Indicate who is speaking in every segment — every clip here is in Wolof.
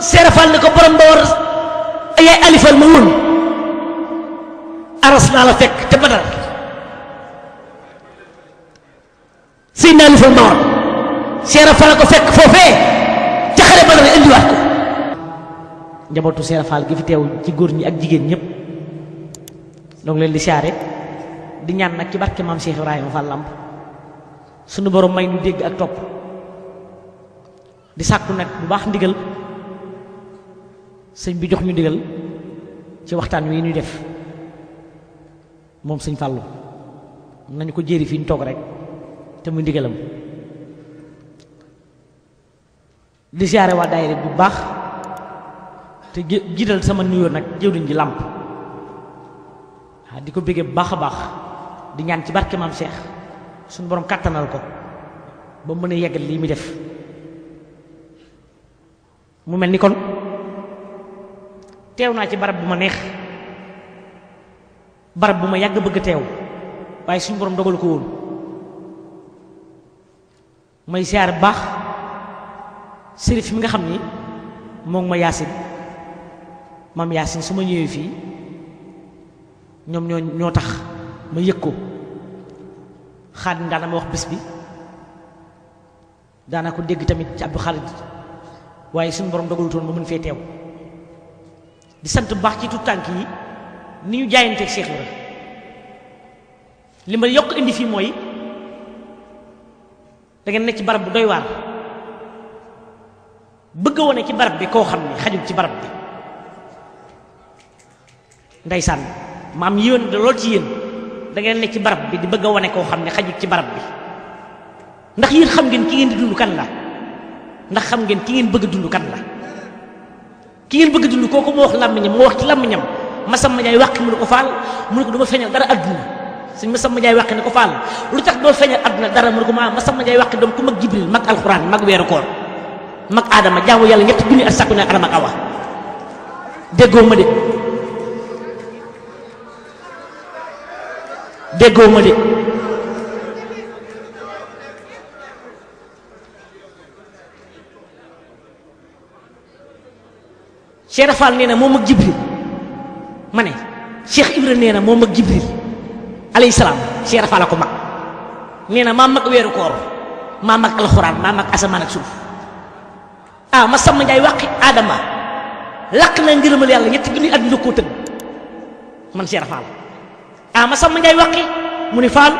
Speaker 1: seere ne ko borom do war ay alifal ma won aras naa la fek te badal sëy naa alifal ma woon seere fal ko fek fofé ca xare indi wat ko njabootu seere gi fi tew ci gor ñi ak jigen ñep leen di siyaare di ñaan nak ci barke mam Cheikh Ibrahima fa lamb sunu borom may ñu dégg ak top di sakku nak bu baax ndigal señ bi jox ñu digal ci waxtaan wi ñu def moom señ fàllu nañ ko jëri fi ñu toog rek te muy ndigalam di ziaré wa daayira bu baax te jiital sama nuyo nak jëwriñ ji di ko bëggee bu baax baax di ñaan ci barké mam Cheikh suñu borom katanal ko ba mëna a yeggal lii def mu melni ni kon teew naa ci barab bu ma neex barab bu ma yàgg bëgg teew waaye suñu borom dogal ko woon may ziar baax sërif mi nga xam ni moom ma yaasin maam yaasin su ma ñëwee fii ñoom ñoo ñoo tax ma yëg ko xaadim daana ma wax bés bi daana ko dégg tamit ci Abdou Khalid waaye suñu borom dogalutoon ma mën fee teew di sant bax ci tout tank yi ni ñu jaayante ak cheikh ibrahim limal yok indi fi moy da ngeen ne ci barab bu doy war bëgg woné ci barab bi ko xamni xaju ci barab bi ndaysan mam yewen da lol ci yeen da ngeen ne ci barab bi di bëgg woné ko xamni xaju ci barab bi ndax yeen xam ngeen ki ngeen di dund kan la ndax xam ngeen ki ngeen bëgg dund kan la ki ngeen bëgg dund kooku moo wax làmmiñam moo wax ci làmmiñam Masamba Njaay wàqi mu ne ko faal mu ne ko du ma feeñal dara àdduna suñ Masamba Njaay wàqi ne ko faal lu tax doo feeñal àdduna dara mu ne ko ma Masamba Njaay wàqi doom ku mag jibril mag alxuraan mag weeru koor mag aadama jaamu yàlla ñetti junni ak sàkku ne adama ak awa déggoo ma de déggoo Cheikh Fall nee na moom ak Jibril ma ne Cheikh Ibra nee na moom ak Jibril alayhi salaam Cheikh Fall ko mag nee na maa mag weeru koor maa mag alxuraan maa mag asamaan ak suuf ah ma sàmm njaay wàqi aadama làq na ngërëmal yàlla ñetti junni at njëkkoo tëdd man Cheikh Fall ah ma sàmm njaay wàqi mu ni Fall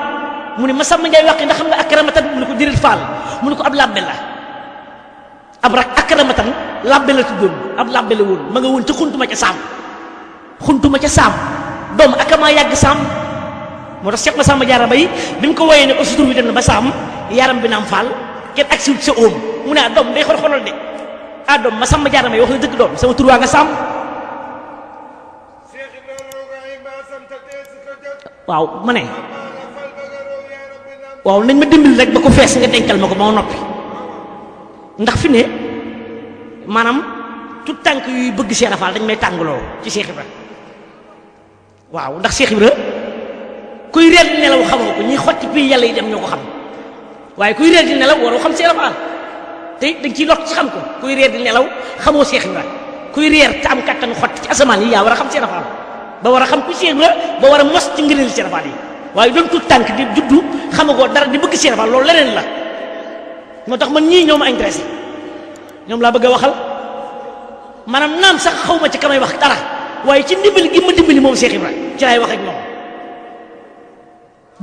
Speaker 1: mu ni ma sàmm njaay wàqi ndax xam nga ak karamatan mu ni ko jëril Fall mu ni ko ab labbe la ab rak akramatam labbel la tuddoon ab labbe la ma nga woon ci khuntuma ci sam khuntuma ci sam dom akama yag sam mo tax seet ma sàmm jaara bay bim ko woyene ne bi den ba sam yaram bi nam fal ken ak ci sa óom mu ne day xor xolal de adom doom ma sàmm jaara bay wax deug dom sama tur wa nga sam waaw mané waaw nañ ma dimbil rek bako fess nga denkal mako ba ndax fi ne manam tout tank yu bëgg Cheikh Rafal dañ may tangulo ci Cheikh Ibra waaw ndax Cheikh Ibra kuy réer di nelaw xamoo ko ñi xoti bi yalla yi dem ñoko xam waye kuy réer di nelaw waroo xam Cheikh Rafal te dañ ci lot ci xam ko kuy réer di nelaw xamoo Cheikh Ibra kuy réer ta am katan xot ci asaman yi ya wara xam Cheikh Rafal ba wara xam ku Cheikh Ibra ba wara mos ci ngëneel Cheikh Rafal yi waye dañ tout tank di juddu xamago dara di bëgg Cheikh Rafal loolu leneen la moo tax man ñii ñoo ma intéressé ñoom laa bëgg a waxal maanaam naam sax xaw ma ci kamay wax dara waaye ci ndimbali gi ma dimbali moom Cheikh Ibra ci laay wax ak moom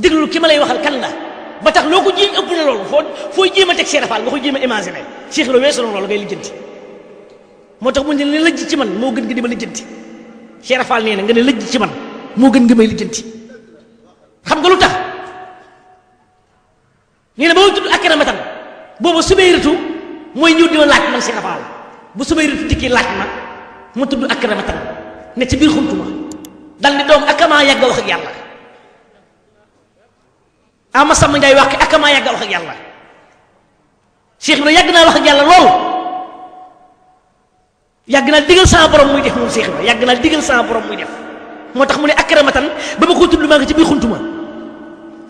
Speaker 1: déglul ki ma lay waxal kan la ba tax loo ko jéem ëpp na loolu foo fooy jéem a teg Cheikh Rafal nga koy jéem a imaginer Cheikh Ibra weesu loolu ngay lijjanti moo tax mu ne la lëjj ci man moo gën nga di ma lijjanti Cheikh Rafal nee na nga ne lëjj ci man moo gën nga may lijjanti xam nga lu tax nee na ba ma tudd akramatan booba subayratu mooy ñëw di ma laaj man Cheikh Fall bu subayratu dikki laaj ma mu tudd akramatan ne ci biir xuntu ma dal ni doom akamaa yàgg a wax ak yàlla ama ak yàlla naa wax ak yàlla lool yàgg naa digal sama borom muy def moom Cheikh Ibra yàgg naa digal sama moo tax mu ne akramatan ba ma ko tudd maa ngi ci biir xuntu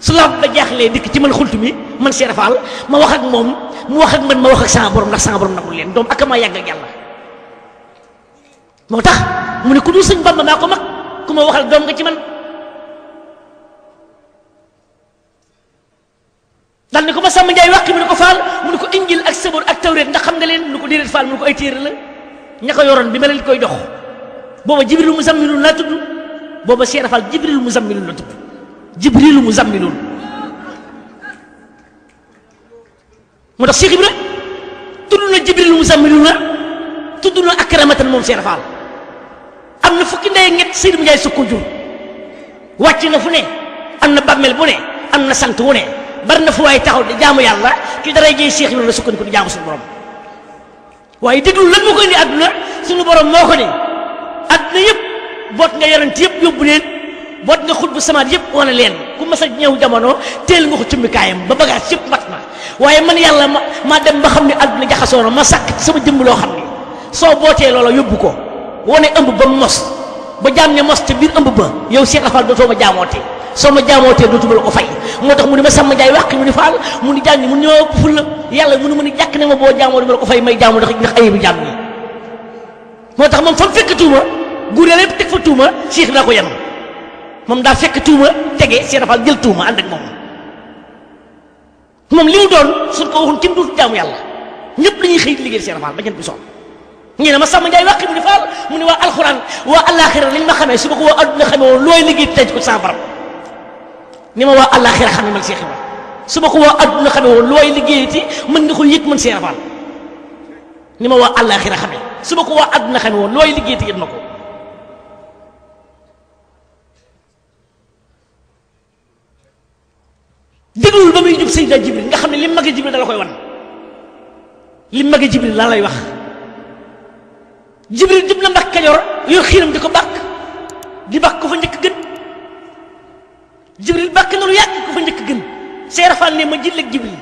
Speaker 1: su làmp ba jaaxlee dikk ci man xultu mi man Cheikh Fall ma wax ak moom mu wax ak man ma wax ak sama borom ndax sama borom nagul leen doom ak maa yàgg ak yàlla moo tax mu ne ku dul sëñ Bamba maa ko mag ku ma waxal doom nga ci man dal ni ko ma sàmm njaay wàq mi ne ko faal mu ne ko injil ak sabor ak tawreet ndax xam nga leen mu ne ko déedéet faal mu ne ko ay téere la ña ko yoroon bi ma leen koy dox booba jibril muzammilun laa tudd booba Cheikh Fall jibril jibrilu mu zammilun mu tax Cheikh Ibra tudd na jibrilu mu zammilun na tudd na akramatan moom Cheikh Fall am na fukki ndey ñett Seydou Ndiaye sukko jur wàcc na fu ne am na bàmmeel bu ne am na sant wu ne bari na fu waaye taxaw di jaamu yàlla ci dara jëy Cheikh Ibra la sukkandiku di jaamu suñu borom waaye déglu lan moo ko indi àdduna borom moo ko ne àdduna yëpp boot nga yonent yëpp yóbbu leen boot nga xut bu samaat yëpp wane leen ku mas a ñëw jamono teel nga ko cumbikaayam ba bagage yëpp mat na waaye man yàlla ma maa dem ba xam ne àdduna jaxasoo na ma sàkk ci sama jëmm loo xam ne soo bootee loola yóbbu ko wane ëmb ba mos ba jaam ne mos te biir ëmb ba yow Cheikh a dootoo ma jaamootee soo ma jaamootee dootuma la ko fay moo tax mu ne ma sàmm jaay wàq mu ni faal mu ni jàng mun ñoo ful la yàlla mu ne mu ni jàkk ne ma boo jaamoo duma la ko fay may jaamoo ndax ndax ayibu jaam ñi moo tax moom fa mu fekk tuuma guur yàlla yëpp teg fa ko yem moom daa fekk tuuma tege Cheikh Ibra Fall jël tuuma ànd ak moom moom li mu doon suñ ko waxoon kenn dootu jaamu yàlla ñëpp dañuy xëy di liggéey Cheikh Ibra Fall ba ñen bi soon ñu ne ma sàmm Njaay wàqi bu di Fall mu ne waa alxuraan waa àllaaxira liñ ma xamee su ma ko waa adduna xamee woon looy liggéey tëj ko sa ni ma waa àllaaxira xamee man Cheikh Ibra su ma ko waa adduna xamee looy liggéey ti mën nga ko yëg man Cheikh ni ma waa àllaaxira xamee su ma ko waa adduna xamee woon looy liggéey ti yëg na ko déglul ba muy jub Seydina Jibril nga xam ne li magi Jibril dala koy wan li magi Jibril lan lay wax Jibril jub na Mbàkke Kajoor yor xiinam di ko bàkk di bàkk ko fa njëkk gën Jibril bàkk na lu yàgg ko fa njëkk gën seerafaan ne ma jilleeg Jibril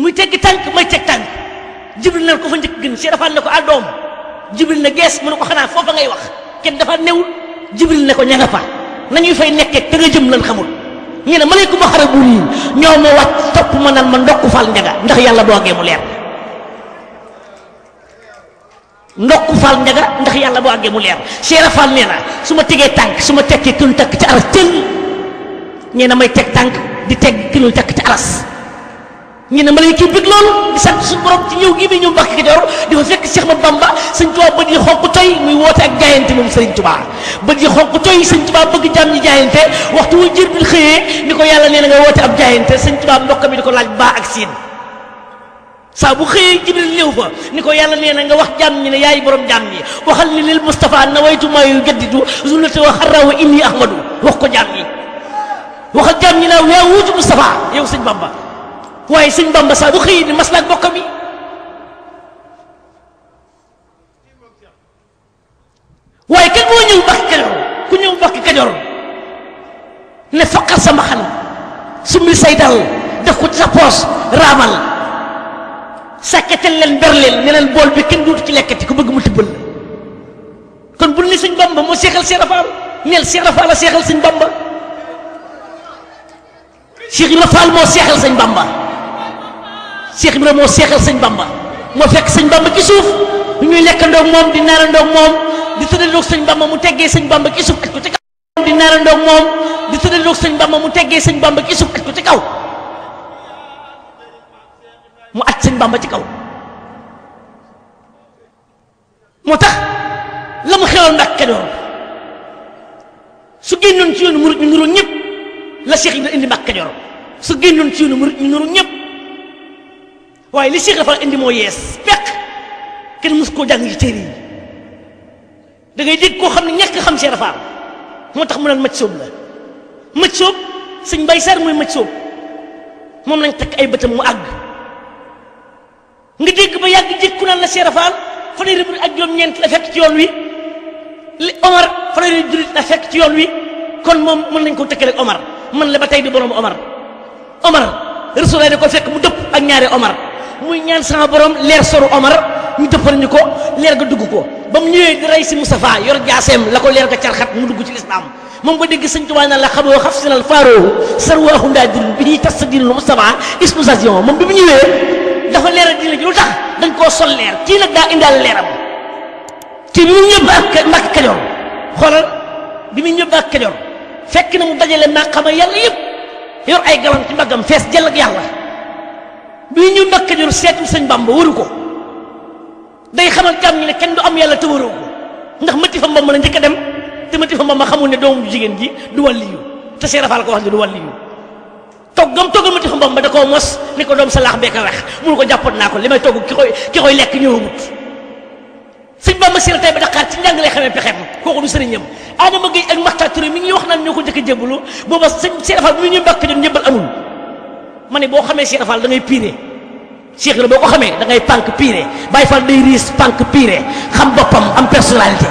Speaker 1: muy teggi tànk may teg tànk Jibril na ko fa njëkk gën seerafaan ne ko àddoom Jibril na gees mu ne ko xanaa foofa ngay wax kenn dafa newul Jibril ne ko ña nga fa nañuy fay nekkee te nga jëm lan xamul ñii ne malayku ma xara buur yi ñoo ma wàcc topp ma nan ma ndokku fal njaga ndax yàlla boo àggee mu leer ndokku fal njaga ndax yàlla boo àggee mu leer seera fal nee na su ma tegee tànk su ma tekkee kilul takk ci aras tël ñee a may teg tànk di teg kilul takk ci aras ñu ne malaaka yi bëgg loolu di sant suñu borom ci ñëw gi bi ñëw Mbàkke Kajoor di fa fekk Cheikh ma Bamba sëñ Tuubaa bët yi xonq toy muy woote ak jaayante moom sëñ Tuubaa bët yi xonq toy sëñ ñi waxtu wu jër bi xëyee ni ko yàlla nee na nga woote ab jaayante sëñ Tuubaa mbokk mi di ko laaj baa ak siin saa bu xëyee jibril ñëw fa ni ko yàlla nee na wax jàmm ñi ne yaay borom jàmm ñi waxal ni lil Mustafa nawaytu maa yu jaddidu zullata wa xarrawa inni ahmadu wax ko jàmm ñi waxal jàmm ñi naa yaa wuutu Mustafa yow sëñ Bamba waaye sëñ Bamba saa bu xëy di maslaak bokkam yi waaye kan moo ñëw Mbàkke Kajoor ku ñëw Mbàkke Kajoor ne faqal sama xana summi say dal def ko ci sa poos raamal sàkketel leen berleel ne leen bool bi kenn duut ci lekkati ku bëgg mu tibbal la kon bul ni sëñ Bamba moo seexal Seex Rafaal neel Seex Rafaal la seexal sëñ Bamba Seex Rafaal moo seexal sëñ Bamba Cheikh Ibra moo seexal sëñ Bamba moo fekk sëñ Bamba ci suuf lu ñuy lekkandoog moom di naarandoog moom di tëddandoog sëñ Bamba mu teggee sëñ Bamba ci suuf ko ci kaw di naarandoog moom di tëddandoog sëñ Bamba mu teggee sëñ Bamba ci suuf ko ci kaw mu aj sëñ Bamba ci kaw moo tax la mu xewoon ndax Kajoor su génnoon ci yoonu murit ñu nuru ñëpp la Cheikh Ibra indi Mbàkke Kajoor ci waaye li Cheikh dafa indi moo yees fekk kenn mës koo jàng ci téere yi da ngay dégg koo xam ne ñàkk xam Cheikh Rafaal moo tax mu naan maj sóob la maj sóob sëñ Mbay Sarr mooy maj soob moom lañ takk ay bëtam mu àgg nga ba yàgg jékku la Cheikh Rafaal fanweeri murit ak juróom-ñeent la fekk ci wi li fekk ci yoon wi kon moom mën nañ koo tëkkale ak Omar man la ba tey di borom Omar Omar Rasulullah da ko fekk mu dëpp ak ñaari Omar. muy ñaan sama borom leer soru omar ñu defal ñuko leer ga dugg ko bam ñewé di ray ci mustafa yor jassem lako leer ga charxat mu dugg ci lislaam mom ba degg seigne touba na la xaboo xafsinal al faru ndaa dil bi tasdil tas sa diinul Moustapha bi mu dafa leer di lu tax dañ ko sol leer ki nak da indal leeram ci mu ñëbb ak mak kajoor xolal bi mu ñëbb ak kajoor fekk na mu dajale maqama yalla yëpp yor ay galam ci magam fess jël ak yalla bii ñu Mbàkke Kajoor seetul sëñ Bamba waru ko day xamal jàmm ñi ne kenn du am yàlla te ko ndax mati fa Mbamba ma njëkk a dem te mati fa Mbamba xamul ne doomu jigéen ji du wàlliyu te Seex Faal ko wax ne du wàlliyu toggam toggal mati fa Mbamba da koo mos ni ko doom sa laax bee ko weex mun ko jàppoon naa ko li may togg ki koy ki koy lekk ñëwagut sëñ Bamba Sira tay ba Dakar ci njàng lay xamee pexeem kooku du sëriñam Adama Gueye ak Maxtaar Touré mi ñuy wax naan ko njëkk a jébbalu booba sëñ Seex Faal bi ñu Mbàkke Kajoor amul ma ne boo xamee Cheikh Fall da ngay piré Cheikh la boo ko xamee da ngay pànk piré Baye Fall day riis pànk piré xam boppam am personnalité.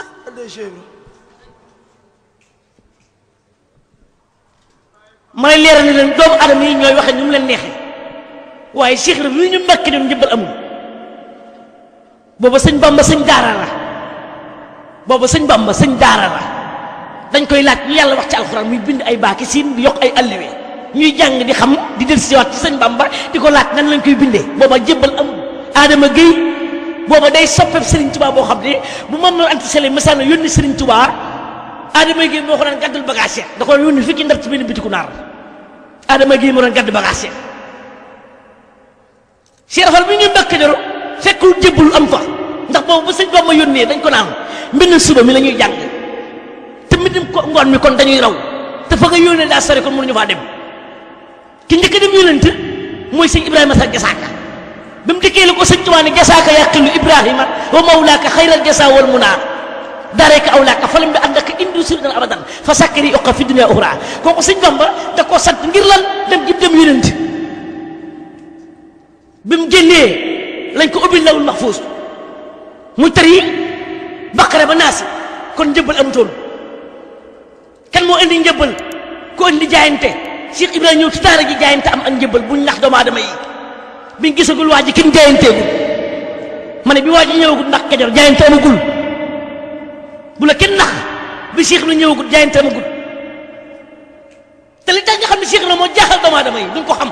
Speaker 1: ah addee Cheikh Ibra may leeral ni leen doomu adama yi ñooy waxe ñu mu leen neexe waaye Cheikh Ibra yu ñu mbàkki dem njëbbal amul booba sëñ Bamba sëñ daara la booba sëñ Bamba sëñ daara la dañ koy laaj ñu yàlla wax ci alxuraan muy bind ay baaki siin di yokk ay alliwe ñuy jàng di xam di del siwaat ci sëñ Bamba di ko laaj nan lañ koy bindee booba jébbal amul Adama Gueye booba day soppeb Serigne Touba boo xam ne bu mam noonu anti sele masaana yónni Serigne Touba Adama Gueye moo ko daan gàddul bagage da ko yónni fii ci ndar ci benn bitiku naar Adama Gueye moo daan gàddu bagage yi Cheikh Fall mi ñu mbakk joro jébbul am fa ndax boobu ba sëñ Bamba yónnee dañ ko naan mbind suba mi la ñuy jàng te mbind ngoon mi kon dañuy raw te fa nga yónnee daa sori kon mënuñu faa dem ki njëkk dem yónnent mooy si Ibrahima sa Jasaaka ba mu dikkee la ko sëñ Tuubaa ne jasaaka yaqilu ibrahima wa mawlaaka xayral jasa wal munaa daareeka awlaaka falam bi andaka indi suridan abadan fa sakkari oqa fi dunia uxra ko ko Bamba da koo sant ngir lan dem gi dem yonent bi mu génnee lañ ko ubbil lawul mahfuus mu tari baqara ba naasi kon njëbbal amutoon kan moo indi njëbbal ko indi jaayante Cheikh Ibrahima ñëw ci daara ji jaayante am ak njëbbal buñ nax doomu aadama biñ gisagul waa ji kin jaayanteegul ma ne bi waa ji ñëwagul ndax Kajoor jaayante amagul bu la kenn ndax bi Cheikh Ibra ñëwagul jaayante amagul te li tax nga xam ne Cheikh Ibra moo jaaxal doomu aadama yi ko xam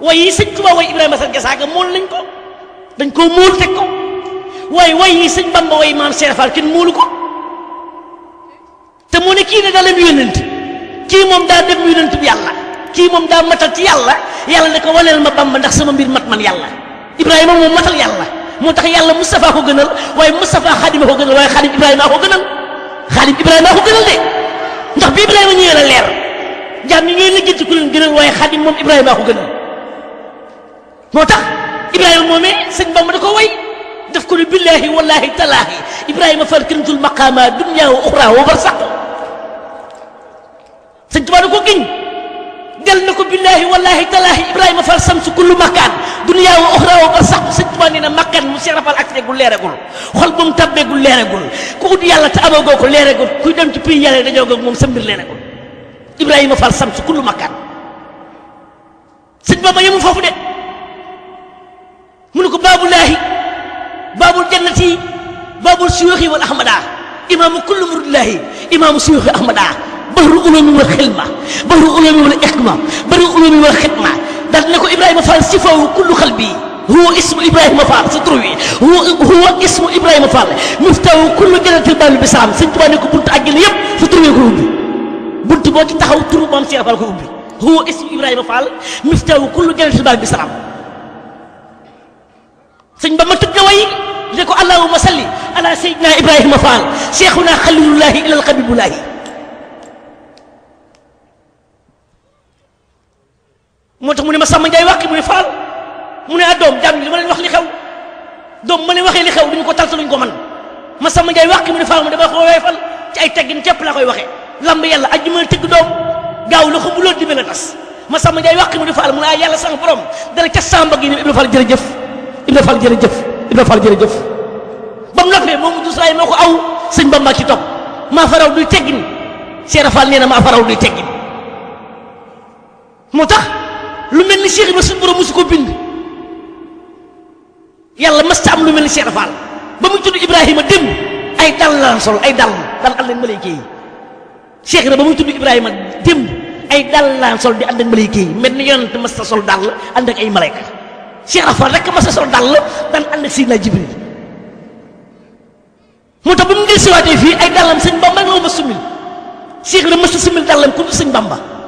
Speaker 1: way yi sëñ Tuubaa way Ibrahima Sall Gassaaga mool nañ ko dañ ko waaye way yi sëñ Bamba way maam Cheikh Fall kenn móolu ko te mu ne kii ne daa leen yónnent kii moom daa dem yónnent bu yàlla kii moom daa matal ci yàlla yàlla ne ko waneel ma bamba ndax sama biir mat man yàlla ibrahima moom matal yàlla moo tax yàlla moustapha ko gënal waaye moustapha xaadima ko gënal waaye xaadim ibrahima ko gënal xaadim ibrahima ko gënal de ndax bi ibrahima ñëwee la leer jaam ñi ñooy lijjanti ku leen gënal waaye xaadim moom ibrahima ko gënal moo tax ibrahima moomee sëñ bamba da ko way daf ko ne billaahi wallaahi talaahi ibrahima far kirimtul maqaama dunya wa jël na ko billaahi wallaahi talaahi Ibrahima Fall samsu kullu makkaan duniyaa wa uxra wa ba sax sëñ Tuubaa nee na makkaan mu Cheikh Rafal accès gu leeragul xol bu mu tabbee gu leeragul ku ut yàlla te amagoo ko leeragul kuy dem ci pays yàlla dañoo goog moom sa mbir leeragul Ibrahima Fall samsu kullu makkaan sëñ Bamba yemu foofu de mu ne ko baabulaahi baabul jannati baabul suyuuxi wal ahmadaa imaamu kullu muriidillaahi imaamu suyuuxi ahmadaa bahru ulumi wal xilma bahru ulumi wal iqma bahru ulumi wal xitma dal ne ko هو اسم ابراهيم فال ستروي هو هو اسم ابراهيم فال مفتاو كل جنة البال بسام سنتواني كو بنت اجل يب ستروي كو بنت بوكي تخاو ترو مام سي فال هو اسم ابراهيم فال مفتاو كل جنة البال بسام سن بما تجوي لكو اللهم صل على سيدنا ابراهيم فال شيخنا خليل الله الى القبيب الله motax mune ma sam ndjay wakki mune fal mune adom jam ni mune wax li xew dom mune waxe li xew duñ ko talta luñ ko man ma sam ndjay wakki mune fal mune dafa dama fal ci ay teggin la koy waxe lamb yalla aljuma tegg dom gaaw lu xubu lo dibe la tass ma sam ndjay wakki mune fal mune ay yalla sang borom dala ca samba gi ibnu fal jere jef ibnu fal jere jef ibnu fal jere jef bam noppé momu du say mako aw señ bamba ci top ma faraw du teggin sera faal neena ma faraw du teggin motax lu melni Cheikh ibrahim borom mosu ko bind yalla mas ta am lu melni Cheikh Fall ba mu tuddu ibrahim dem ay dal la sol ay dal dal ànd ak malayka Cheikh Ibrahima ba mu tuddu ibrahim dem ay dal la sol di ànd ak malayka melni yonent mas ta sol dal ànd ak ay malaika Cheikh Fall rek mas ta sol dal daan and ak Sidna Jibril moo tax ba mu dellusiwaatee fi ay dalam seigne Bamba la ma sumil Cheikh Ibrahima mas ta summil dàllam ku seigne Bamba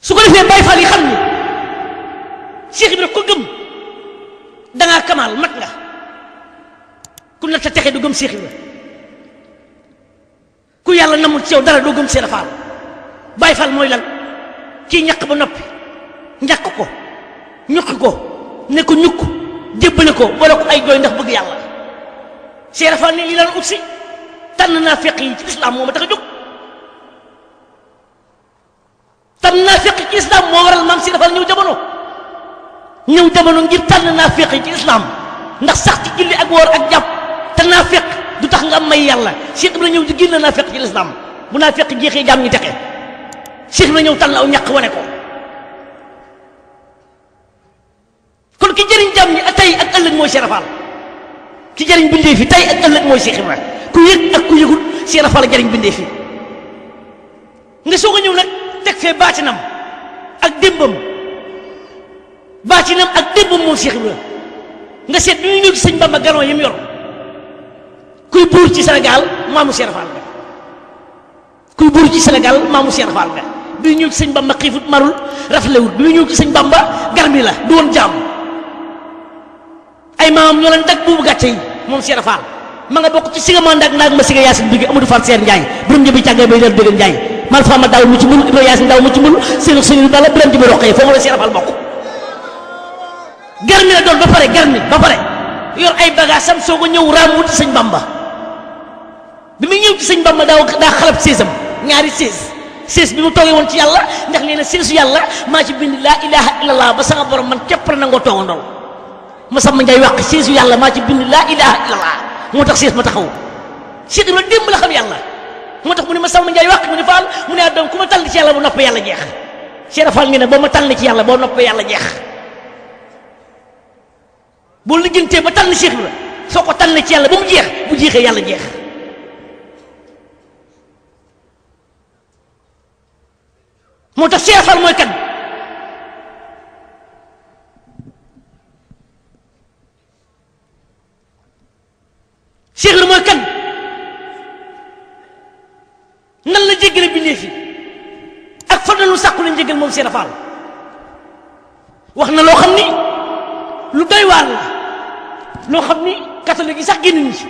Speaker 1: su ko defee Baay Faal yi xam ni Cheikh Ibra ko gëm dangaa kamaal mat nga ku na ta texe du gëm Cheikh Ibra ku yàlla namul ci yow dara doo gëm Seera Faal mooy lan kii ñàkk ba noppi ñàkk ko ñukk ko ne ko ñukk jébbale ko boole ko ay jooy ndax bëgg yàlla la Faal ne lii lan ut si tànn naa feq yi ci lislaam moo ma tax a jóg tam naafiq ci islam moo waral maam si dafal ñëw jamono ñëw jamono ngir tànn naafiq yi ci islam ndax sax ci julli ak woor ak jàpp te naafiq du tax nga am may yàlla Cheikh Ibra ñëw di génn naafiq ci islam bu naafiq jeexee jaam ñi texe Cheikh Ibra ñëw tànn aw ñàq wane ko kon ki jëriñ jaam ñi tey ak ëllëg mooy Cheikh Rafal ki jëriñ bindee fi tey ak ëllëg mooy Cheikh Ibra ku yëg ak ku bindee fi nga soog a ñëw nag. tek fe batinam ak démbam batinam ak démbam mo Cheikh Ibrahima nga set ñu ñu ñëw Bamba galon yim yor kuy bur ci senegal maamu Cheikh Fall nga kuy bur ci senegal maamu Cheikh Fall nga bi ñu ñëw Bamba xiifut marul raflewut bi ñu ci sëñ Bamba garmi la du won jam ay mam ñu lan tak bu gàcce yi Cheikh Fall ma nga bok ci si nga ma si bi Amadou Fall Seen Njaay burum jëbi càggee bay dal dégg Njaay man fama daw mu ci mul ibra yasin daw mu ci mul seen seen dala bu len ci roqé fo mo la seen fal bokku garmi la doon ba paré germi ba paré yor ay bagage sam sogo ñew ram seigne bamba bi mi ñew ci seigne bamba daw da xalab sesam ñaari ses ses bi mu toge won ci yalla ndax neena sesu yalla ma ci bind la ilaha illallah ba sa borom man kep na nga togandol ma sam ngay wax sesu yalla ma ci bind la ilaha illallah motax ses ma taxaw sidima dem la xam yalla motax mune mu ne ma saw na njaay wax mune fal mune adam kuma tal ci yalla bu nopp yalla jeex Cheikh Fall ngi ne bo ma tal ci yalla bo nopp yalla jeex boo lijjantee ba tal Cheikh Ibra soko tal ci yalla bu mu jeex bu jeexee yalla jeex motax Cheikh fal moy kan Cheikh lu moy kan nan la jéggale bindéef yi ak fan la ñu sàkku leen jéggal moom Seera Faal wax na loo xam ni lu doy waar la loo xam ni catholique yi sax génnuñu ci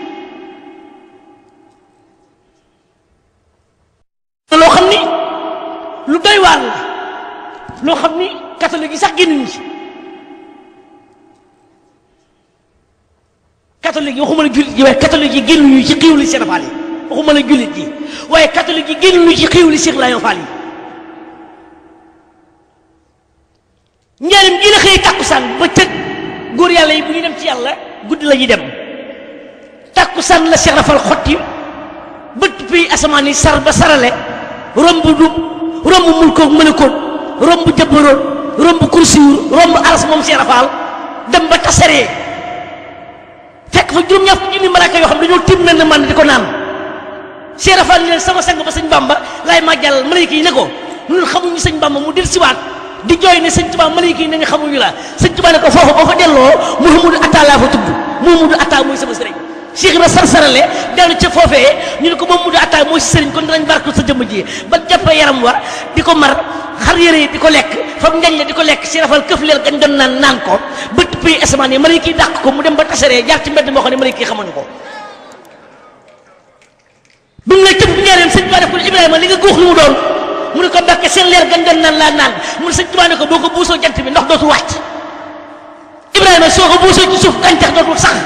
Speaker 1: na loo xam ni lu doy waar la loo xam ni catholique gi sax génnuñu ci catholique yi waxuma la jullit yi waaye catholique yi génnuñu ci xiiwli Seera Faal waxu la julit gi waye catholique gi génn ci xewli Cheikh Layon Fall yi njaarim gi la xey takusan ba cëg gor yalla yi bu ñu dem ci yalla gudd la dem takusan la Cheikh Rafal xotti bët bi asamaan yi sar ba sarale romb du romb mulkoog ko romb jëbbaroon romb kursiwur romb aras mom Cheikh Rafal dem ba tassere fek fa juróom ñaf ñu ni malaka yo xam dañu tim na man diko nan cheikh rafal sama sang ba sëñ bamba lay màjjal malayka yi ne ko xamu ñu sëñ bamba mu ci wat di joy ne sëñ tuba malayka yi xamu ñu la sëñ tuba ne ko foofu boo fa delloo muhammadu atala fa tuddu muhammadu ata moy sama sëriñ cheikh sar sarale dellu ci fofé ñu ko muhammadu ata moy si kon danañ barku sa jëm ji ba jàppee yaram war di mar xar yere di lek fam ngañ la di lek si leel gañ doon nan nan ko bëtt tuppi esmaan yi yi ko mu dem ba tassere jaar ci mbedd mo yi ko bi la ne tëb señ sëñ Tuubaa Ibrahima li nga gox lu mu doon mu ne ko Mbàkke seen leer gandan nan la nan mu ne sëñ Tuubaa ne ko boo ko jant bi ndox dootu wacc Ibrahima soko buso ci suuf tax dootul sax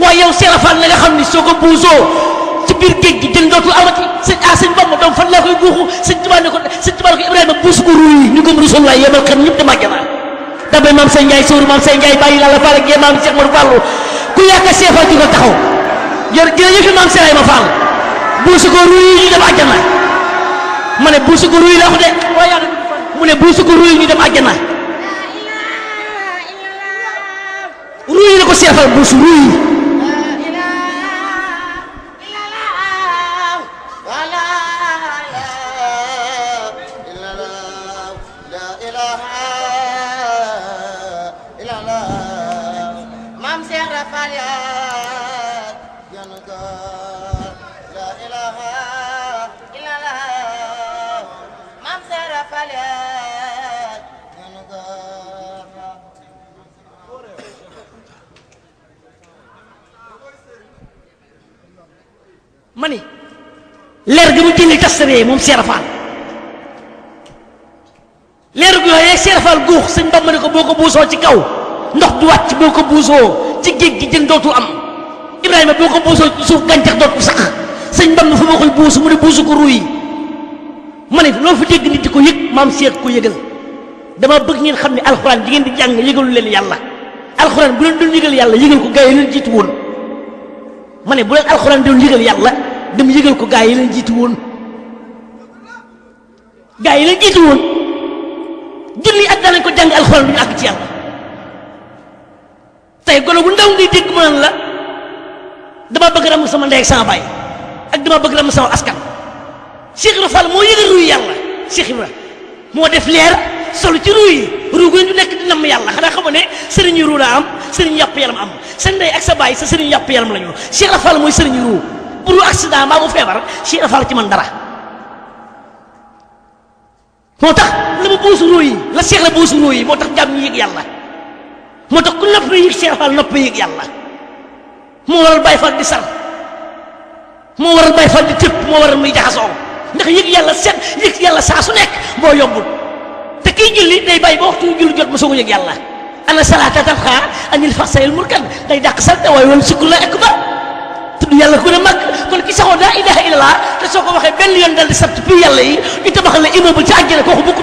Speaker 1: waaye yow serafal na nga xamni soko buso ci bir geej gi jël dootul amati señ a señ Bamba doom fan la koy guxu señ tuba ne ko sëñ Tuubaa ko Ibrahima buusu ko ruuy yi ñu gëm rusul la yemal xam ñëpp dama jara dabay maam sëñ Njaay sóoru maam sëñ Njaay bàyyi laa la faal ak yee maam Cheikh Mor Fallu ku yaaka seefal di ko taxaw jeñu mam señ ay ma fallu buusu ko ruuy ñu dem àjjana ma ne buusu ko ruuy la wax de waaye yàlla buusu ko ruuy ñu dem àjjana ruuy la ko seefal buusu ruuy Maam Seex Rafal yaa leer gi mu jëli tastaree moom Seera Faal leer gu yooyee Seera Faal guux sëñ Bamba ne ko boo ko buusoo ci kaw ndox du wàcc boo ko buusoo ci géej jën dootu am Ibrahima boo ko buusoo ci suuf gàncax dootu sax sëñ Bamba fu ma koy buusu mu ne buusu ko ruuy ma ne loo fi dégg nit di ko yëg maam Seer ko yëgal dama bëgg ngeen xam ne alxuraan di ngeen di jàng yëgalu leen yàlla alxuraan bu leen doon yëgal yàlla yëgal ko gars yi leen jiitu woon ma ne bu leen alxuraan doon yëgal yàlla. dem yëgal ko gaay yi leen jiitu woon gaa yi leen jiitu woon junni at danañ ko jang alxuraan bi ak ci yalla tay golo bu ndaw ngi dégg man la dama bëgg ram sama ndey ak sama bay ak dama bëgg ram sama askan Cheikh rafal mo moo yëgal yalla Cheikh Ibra mo def leer sol ci ruu yi ruu gu ñu nekk di namm yalla xana xamoo ne serigne ru la am serigne yàpp yalla am sa ndey ak sa bay sa serigne yàpp yalla lañu Cheikh rafal moy serigne sëriñu buru accident ba mu febar ci Fall ci man dara motax la bu buusu roy la Cheikh la buusu roy motax jam yi ak yalla motax ku nopp yi Cheikh Fall nopp ak yalla mo waral bay Fall di sar mo waral bay Fall di tepp mo waral muy jaxaso ndax ak yalla set ak yalla sa su nek bo yobul te ki julli day bay bo waxtu julli jot ma so a ak yalla ana salata tafkha anil fasail murkan day dak sal taway won sukula akbar tudd yàlla ku ne mag kon ki dah daa ilaha illallah te soo ko waxee benn dal di sabtu bi yàlla yi ñu tabaxal la immeuble ci àjjana kooku bokku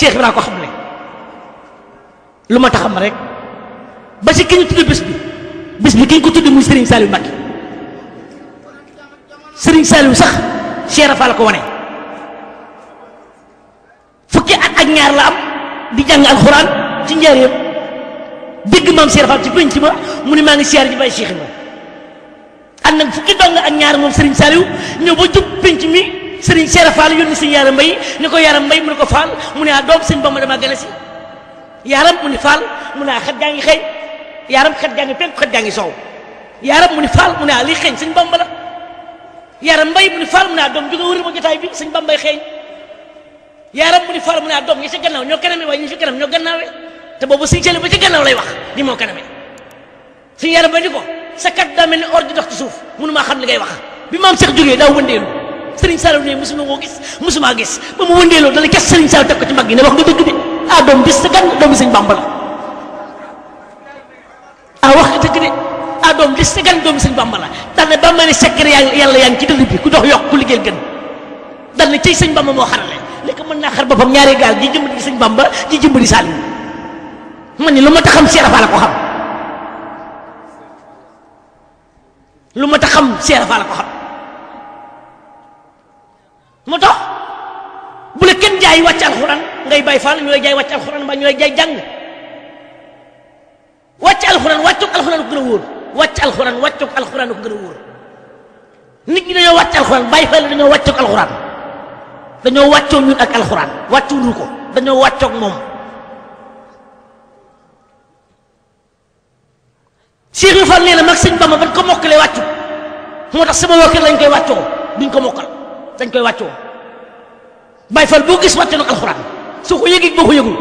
Speaker 1: Cheikh Ibra ko xamle luma ma taxam rek ba ci kiñu tuddu bis bi bis bi kiñ ko tuddu muy Serigne salim Mbacké Serigne salim sax Cheikh Rafal ko woné fukki at ak ñaar la am di jang alquran ci ñaar dégg mam Cheikh Rafal ci penc ma mu ni ma ngi siar ji bay Cheikh Ibra and nak fukki dong ak ñaar mom Serigne salim ñew ba jup penc mi sëriñ Cheikh Fall yónni mbay ni ko yaaram mbay mu ko Fall mu ne ah doom sëñ Bamba dama gën a si yaaram mu ni Fall mu ne ah xet gaa ngi xëy yaaram xet gaa ngi penk xet gaa ngi sow yaaram mu ni Fall mu ne ah lii xëeñ sëñ Bamba la yaaram mbay mu ni Fall mu ne ah doom jóge wër ma jotaay bi sëñ Bambay xëeñ yaaram mu ni Fall mu ne ah doom ñoo kaname waaye ñi si kanam ñoo gannaawee te boobu sëñ ba ci gannaaw lay wax ni moo kaname suñu yaaram mbay ko sa kat daa mel ni or ci suuf mënu maa xam li ngay wax bi maam Cheikh jógee daa wëndeelu serigne saliw ne musuma ko gis musuma gis ba mu wëndeeloo dala kes serigne saliw teg ko ci mag gi ne wax nga dëgg de adom bis sa gan doom serigne bambal a wax nga dëgg de adom bis sa gan doom serigne bambal dal ne bamba ne secret yalla yalla yang ci dënd bi ku dox yok ku liggéeyal gan dal ne ci serigne bamba mo xarale li ko man na xar bopam ñaari gal gaal jëm di serigne bamba jëm di saliw man ni luma taxam cheikh fa ko xam luma taxam cheikh fa ko xam mu tax bu la kenn jaay wàcc alxuraan ngay bay fal ñu lay jaay wàcc alxuraan ba ñu lay jaay jàng wàcc alxuraan wàccug alxuraan ko gën a wóor wàcc alxuraan wàccug alxuraan a wóor nit dañoo wàcc alxuraan dañoo wàccug alxuraan dañoo wàccoo ñun ak alxuraan wàccuñu ko dañoo wàccoog moom Cheikh Ibra Fall nee na mag sëñ Bamba ban ko mokkalee wàccu tax sama waa kër lañ koy wàccoo duñ ko mokkal dañ koy wàccoo Baay Faal boo gis wàcce na alxuraan soo ko yëgee boo ko yëgul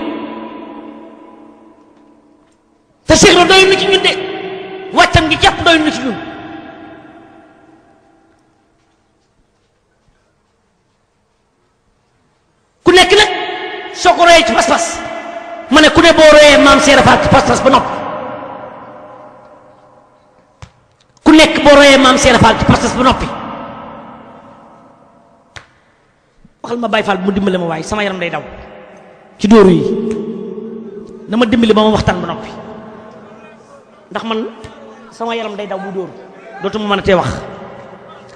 Speaker 1: te Cheikh ci ñun de wàccam gi jàpp doyul na ci ñun ku nekk nag soo ko royee ci pas-pas ma ne ku ba noppi nekk boo royee maam Cheikh Ibra Fall ci pas-pas noppi waxal ma Baye Fall mu dimbale ma waaye sama yaram day daw ci dóoru yi na ma dimbali ba ma waxtaan ba noppi ndax man sama yaram day daw bu dóoru dootuma mën a tee wax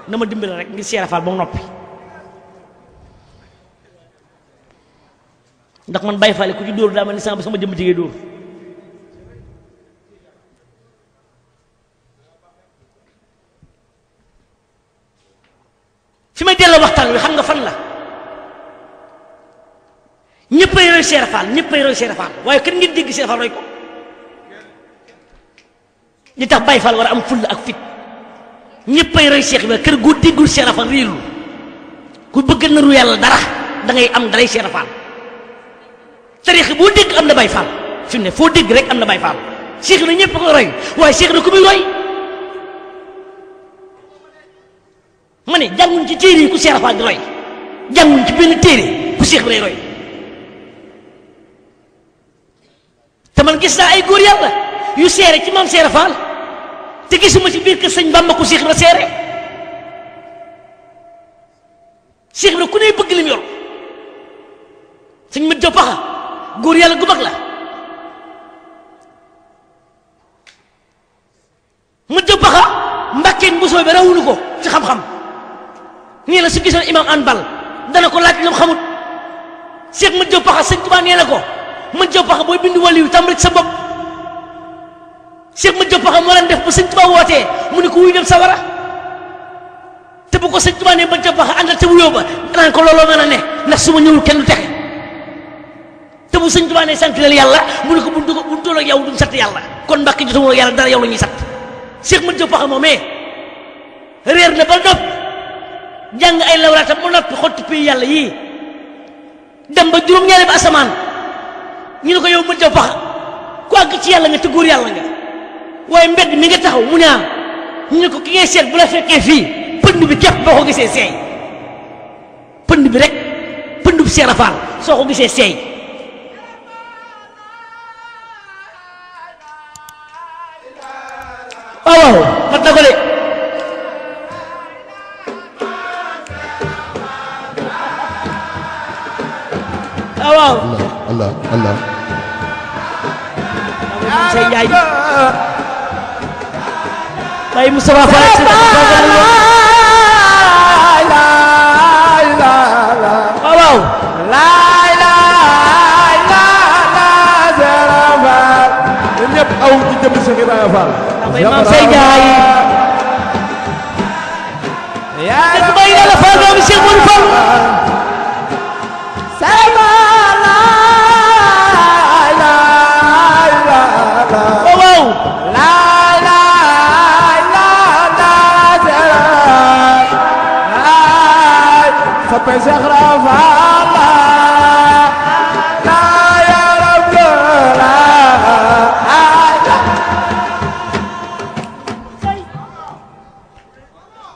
Speaker 1: na ma rek ngir ba mu noppi ndax man Baye Fall ku ci dóoru daa mel ni sama sama jëmm jigéen dóor fi may delloo waxtaan wi xam nga fan la ñëppay roy Cheikh Fall ñëppay roy Cheikh Fall waye kenn ngeen dégg Cheikh Fall roy ko ni tax bay Fall wara am ful ak fit ñëppay roy Cheikh ba kër goo déggul Cheikh Fall réelul ku bëgg na ru yalla dara da ngay am dalay Cheikh Fall tarix bu dégg am na bay Fall fi ne fo dégg rek am na bay Fall Cheikh na ñepp ko roy waye Cheikh na ku muy roy mané jangun ci téré ku Cheikh Fall di roy jangun ci benn téré ku Cheikh Ibrahima roy man gis naa ay góor yalla yu séré ci maam séré faal te gisuma ci bir ke señ bamba ko cheikh na séré cheikh na ku ne bëgg lim yor señ mat jo paxa góor yàlla gu mag la mat paxa mbàkkeen mbosoo ko ci xam-xam ni la su gisone imam anbal dana ko laaj xamut cheikh paxa ko menjopax mooy bind waliw tàmbali sa bopp cheikh menjopax moo leen def bu sëñ tuba wootee mu ko wuy dem sawara te bu ko sëñ tuba ne menjopax àndal te wuyoo ba naan ko looloo mën a ne ndax su ma ñëwul kenn du texe te bu sëñ tuba ne sant ko buntu ko buntu yow ya kon mbàkk jotawoo yàlla dara yow la ñuy sant cheikh menjopax moomee réer na ba nopp jang ay lawrata mu nopp xotti pii yàlla ya yii dem ba ba ñu ko yow mën bax ko ak ci yalla nga te gor yalla nga way mbedd mi nga taxaw mu ñaan ñu ko ki ngay seet bu la fekkee fi pënd bi képp boko ko gisee seey pënd bi rek pënd bi seer afaal soo ko gisee seey waaw waaw mat na Allah Allah Allah Sey Ndiaye bay Moustapha Fall ak Sey waaw waaw laay laay laay Sera Fall ñun ñëpp aw ci jëm Cheikh Ibrahima Fall bay maam Sey Ndiaye yaa bay la Fall doomu Cheikh Modou Fall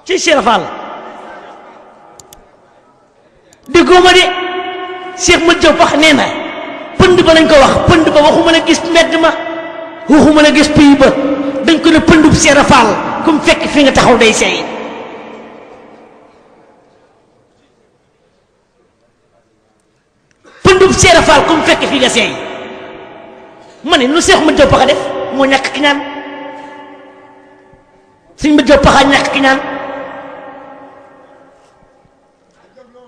Speaker 1: ci Cheikh Fall déggoo ma de Cheikh ma Diop wax nee na pënd ba lañ ko wax pënd ba waxuma la gis mbedd ma waxuma la gis pays ba dañ ko ne pëndub Cheikh Fall comme fekk fi nga taxaw day seey mbirum seera faal ku mu fekk fi nga seey mané ne lu seex ma jóg ba def moo ñàkk ki ñaan suñ ma jóg paxa ñak ki ñaan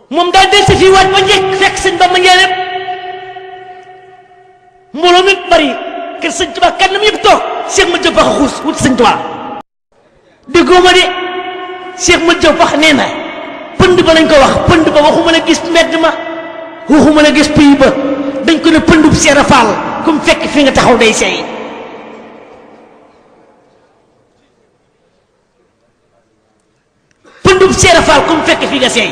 Speaker 1: mom da del si fii waaj ba ñek fekk sëñ ba ma njëriñ mbolo nit bari ke sëñ tuba kan mi yëpp cheikh seex ma jóg xus xuus wut sëñ tubaab déggoo ma de cheikh ma jóg paxa nee pënd ba lañ ko wax pënd ba waxuma la gis medd ma waxuma la gis pays ba dañ ko ne pëndub seera faal comme fekk fi nga taxaw day seey pëndub seera faal comme fekk fii nga seey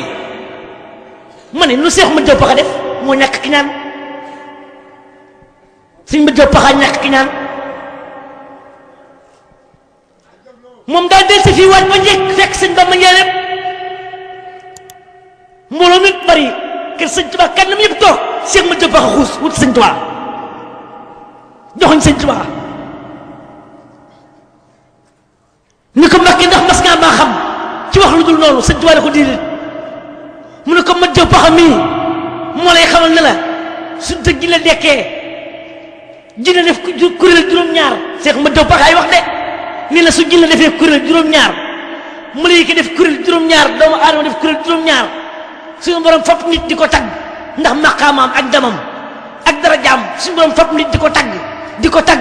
Speaker 1: ma ne lu seex ma jëw paxa def moo ñàkk ki naan suñ ma jëw paxa ñàkk ki naan moom daal del si fii waaj ba njëkk fekk sëñ ba ma njëriñ mbooloo mi bari kër sëñ Tuubaa kanam yëpp toog seeg ma jëb baxa xuus wut sëñ Tuubaa joxoñ sëñ Tuubaa ni ko Mbàkke ndax mas ngaa maa xam ci wax lu dul noonu sëñ Tuubaa da ko diidé mu ne ko ma jëb baxa mii moo lay xamal ne la su dëgg la dekkee dina def kuréel juróom-ñaar seex ma jëb baxaay wax de nii la su jin la defee kuréel juróom-ñaar mu lay ko def kuréel juróom-ñaar doomu aadama def kuréel juróom-ñaar suñu borom fop nit di tag ndax maqamam ak damam ak dara jam suñu borom fop nit di tag diko di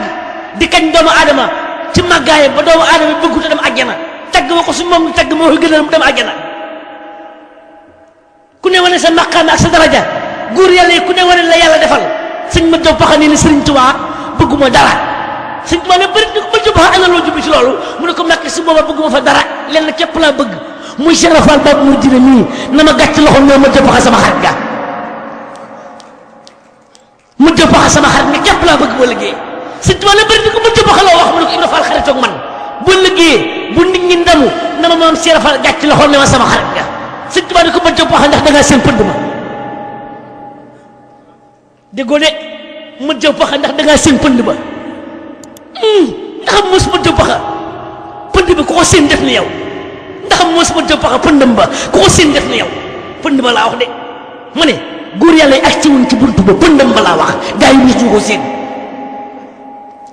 Speaker 1: di kañ doomu adama ci magay ba doomu aadama bëggut dem aljana tag ma suñu mom tag mo fi gënal mu dem aljana ku ne wone sa maqam ak sa daraja góor yàlla yi ku ne wone la yalla defal sëñ ma do baxani ni ni tuwa tubaa bëgguma dara sëñ tubaa ne bari ko bëgg ba ana lo jubi ci lolu mu ne ko màkk su booba bëgguma fa dara len képp la bëgg muy cheikh rafal bab mu jine mi nama gàcc loxo ne ma jëpp sama xar ga mu jëpp sama xar ni kep la bëgg bo liggéey ci tuba la bari ko mu jëpp xalo wax mu ne fal xarit ak man bo liggéey bu nit ñi ndamu nama mom cheikh rafal gàcc loxo ne ma sama xar ga ci tuba ni ko mu jëpp wax ndax da nga seen pënd ma déggoo de mu jëpp wax ndax da nga seen pënd ma hmm, ndax mus mu jëpp wax pënd bi ko ko seen def ni yow ndax mos ma jëpp pëndam ba ko seen def ni yow pënd ba laa wax de ma ne yalla yàlla yi ak ci wuñ ci buntu ba pëndam ba laa wax gay ni ci ko seen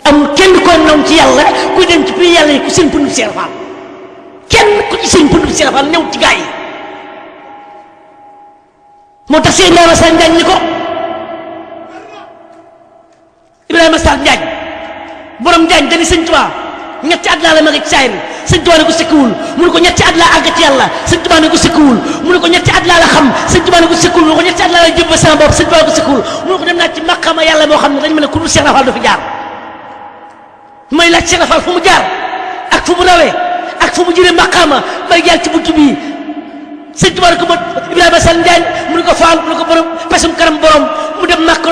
Speaker 1: am kenn ko nam ci yalla ku dem ci pays yalla ku seen pendu seer kenn ku ci seen pendu seer new ci gay mo tax seen daama saan ni ko ibrahima sa njaañ borom njaañ dani sëñ tubaab ñetti at laa la mag ak saayir sëñ Tuubaa ko mu ne ko ñetti at laa àgg ci yàlla sëñ ko sikkiwul mu ne ko ñetti at laa la xam sëñ Tuubaa ne ko sikkiwul mu ne ko la ci maqama yàlla moo xam ne dañu mel ne ku dul ak fu mu rawee ak fu mu jëlee maqama may jaar ci buntu bii sëñ Tuubaa ko ma Ibrahima Sall Njaañ mu ne ko faal mu ko borom pesum karam borom mu dem màkk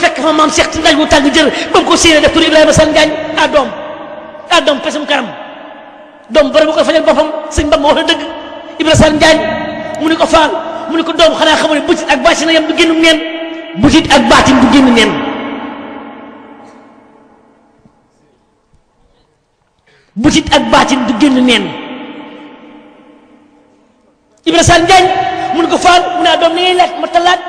Speaker 1: fekk fa maam Cheikh ti mu tàng jër ba mu ko séenee def tur Ibrahima Sall Njaañ doom kàddoom pesum karam dom borom ko fañal bopam señ bam mo la dëgg Ibra Sar Njaañ mu ni ko faal mu ni ko dom xana xamu ne butit ak baatin na yam du génn neen butit ak baatin du génn neen butit ak baatin du gennu neen ibrahim sall Njaañ mu ni ko faal mu ne ah, doom na ngay laaj ma talaat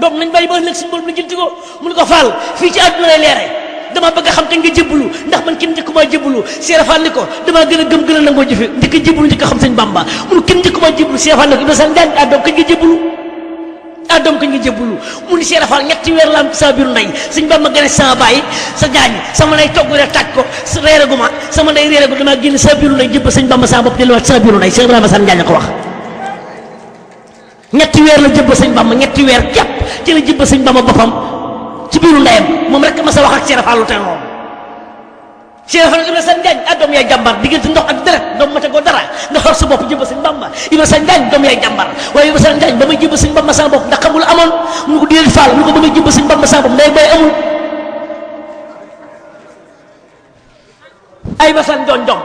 Speaker 1: doom nañ bay bo lek suñu borom la jënti ko mu ni ko faal fi ci aduna lay leray dama bëgg xam kañ nga jëblu ndax man kenn jikuma jëblu Cheikh Fall dama gëna gëm gëna nango nangoo ndik jëblu ndik xam sëñ Bamba mu kenn jikuma jëblu Cheikh Fall ni ko adam Sall jëblu adam doom jëblu mu ni Cheikh ñetti wër la am sa biir ndey sëñ Bamba gëna sa bay sa jaañ sama lay togg rek tak ko reeraguma sama ndey reeragu dama gën sa biiru ndey jébbal sëñ Bamba sa bopp delluwaat sa biiru ndey Cheikh Ibrahima Sall Njaañ ko wax ñetti wër la jëb sëñ Bamba ñetti wër kep ci la jëb sëñ Bamba bopam ci biiru ndeyam moom rek ma sa wax ak Cheikh Fall lu tey loolu Cheikh Fall Ibrahima Sane Njaañ ah doom yaay jàmbar diggante ndox ak deret doom ma tegoo dara nga xor sa bopp jëmba sëñ Bamba Ibrahima Sane Njaañ doom yaay jàmbar waaye Ibrahima Sane Njaañ ba may jëmba sëñ ko déedéet Fall mu ne ko ba may jëmba sëñ ay ba san doon doom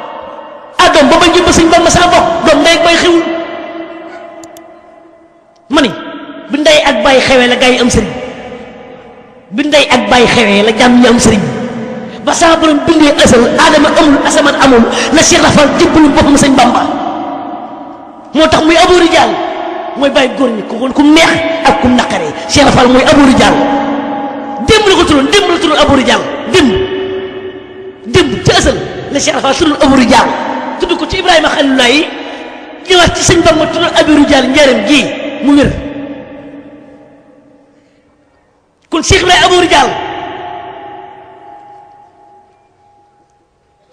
Speaker 1: ah doom ba may jëmba sëñ Bamba sama bopp doom ndey bay xewul ma ni bu ndey ak bay xewee la gaa am sëriñ bi ndey ak bàyyi xewee la jàmm ñu am ba saa borom bindee asal aadama amul asamaan amul la Cheikh Rafal jébbalu boppam sëñ Bamba moo tax muy abóori jàll mooy bàyyi góor ñi ko kon ku neex ak ku naqaree Cheikh Rafal mooy abóori jàll démb la ko turoon démb la turoon abóori jàll démb démb ci asal la Cheikh Rafal turoon abóori jàll tudd ko ci Ibrahima Xalilu Laay yi ñëwaat ci sëñ Bamba turoon abóori jàll njaareem gii mu wér كن شيخ لا ابو رجال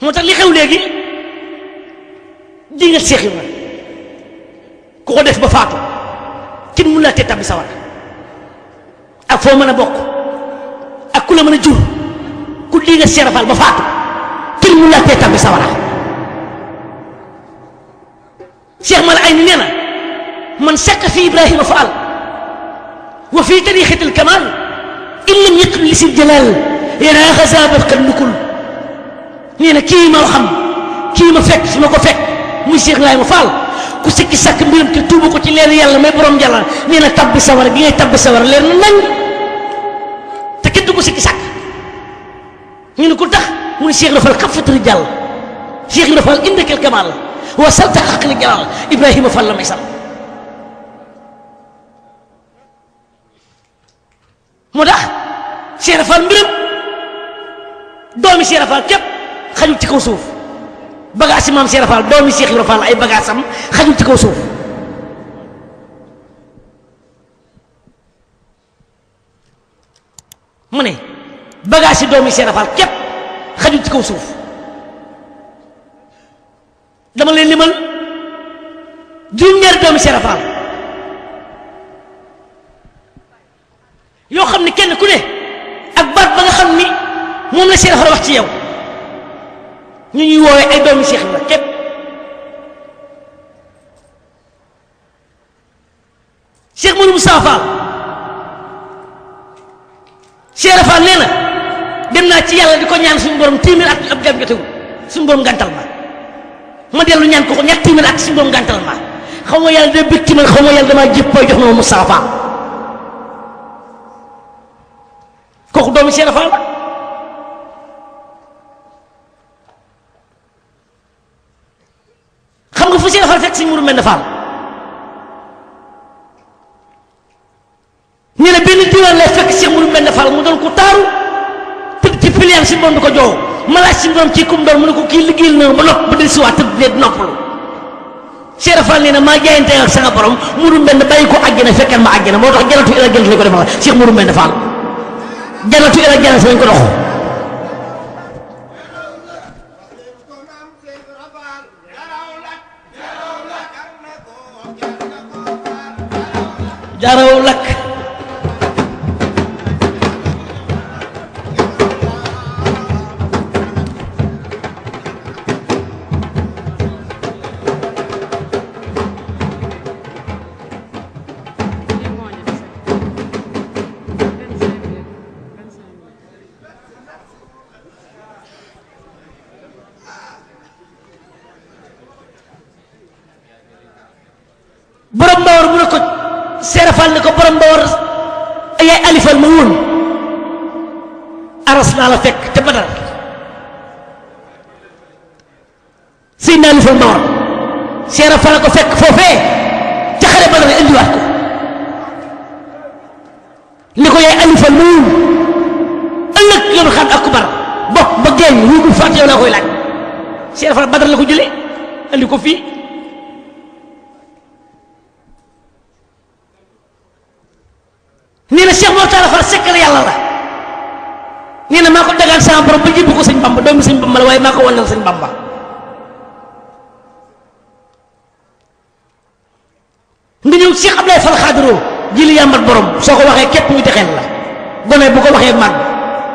Speaker 1: مو تخ لي خيو لغي ديغا شيخ ما كوكو ديف با فاتو كين مولا تي تابي سوار اك فو مانا بوك اك كولا مانا جور كو ديغا سيرفال با فاتو كين مولا تي تابي سوار شيخ مال عين نينا من شك في ابراهيم فعل وفي تاريخ الكمال إن لم يكن لسي الجلال إن آخر زابر قد نكل إن كيما رحم كيما فك سما كو فك مشيخ لاي مفال كو سكي ساك ميرم كي توبو كو تي لير يالا مي بروم جالا نينا تاب سوار بي تاب سوار لير نان تكي دوكو سكي ساك نينا كو تخ مون شيخ رفال كف الرجال شيخ رفال عندك الكمال وصلت حق الجلال ابراهيم فال ما يسال moo tax Cheikh Rafal mbiram doomi Cheikh Rafal képp xajul ci kaw suuf bagaas yi maam Cheikh Rafal doomi Cheikh Rafal ay bagaasam xajul ci kaw suuf mu ne bagaas yi doomi Cheikh Rafal képp xajul ci kaw suuf dama leen limal juróom-ñaari doomi Cheikh Rafal yoo xam ne kenn ku ne ak baat ba nga xam ni moom la seen xar wax ci yow ñu ñuy woowee ay doomi Cheikh la képp Cheikh Modou Moussa Fall Cheikh Fall nee na dem naa ci yàlla di ko ñaan suñu borom téeméer at ab jam jotewul suñu borom gàntal ma ma dellu ñaan ko ko ñett téeméer at suñu borom gàntal ma xaw ma yàlla day bëgg ci man xaw ma yàlla damaa jépp jox na ma Moussa Fall waxu doomi seen faal xam nga fu seen faal fek seen muru mel faal ñu ne benn diwaan lay fekk seen muru mel faal mu doon ko taaru tëdd ci piliam ci mboon ko joow ma laaj si mboon ci kum doon mu ne ko ki liggéeyal na ma nopp ba di si waat tëdd ne noppalu Cheikh Fall nee na maa jaayante ak sama borom muru mbenn bayiko ko àjjana fekkal ma àjjana motax tax jaratu ila gënt ko defal Cheikh muru mbenn Fall janatu ila janatu lañ ko dox jaraw lakk mas naa la fekk ca Badar sëñ ko fekk foofee ca xare Badar indiwaat ko li ko yaay alifal muun ëllëg yoonu xam akbar bokk ba génn wu mu fàtte yow laa koy laaj seera fa la Badar la ko jëlee andi ko fii nee na Cheikh Mor Talla Fall sekkal yàlla la ni nina mako dagan sa property bu ko seigne bamba doomi seigne bamba way mako wonal seigne bamba nga ñew cheikh abdou fal khadro jili yambat borom soko waxe kep ñu taxel la gone bu ko waxe mag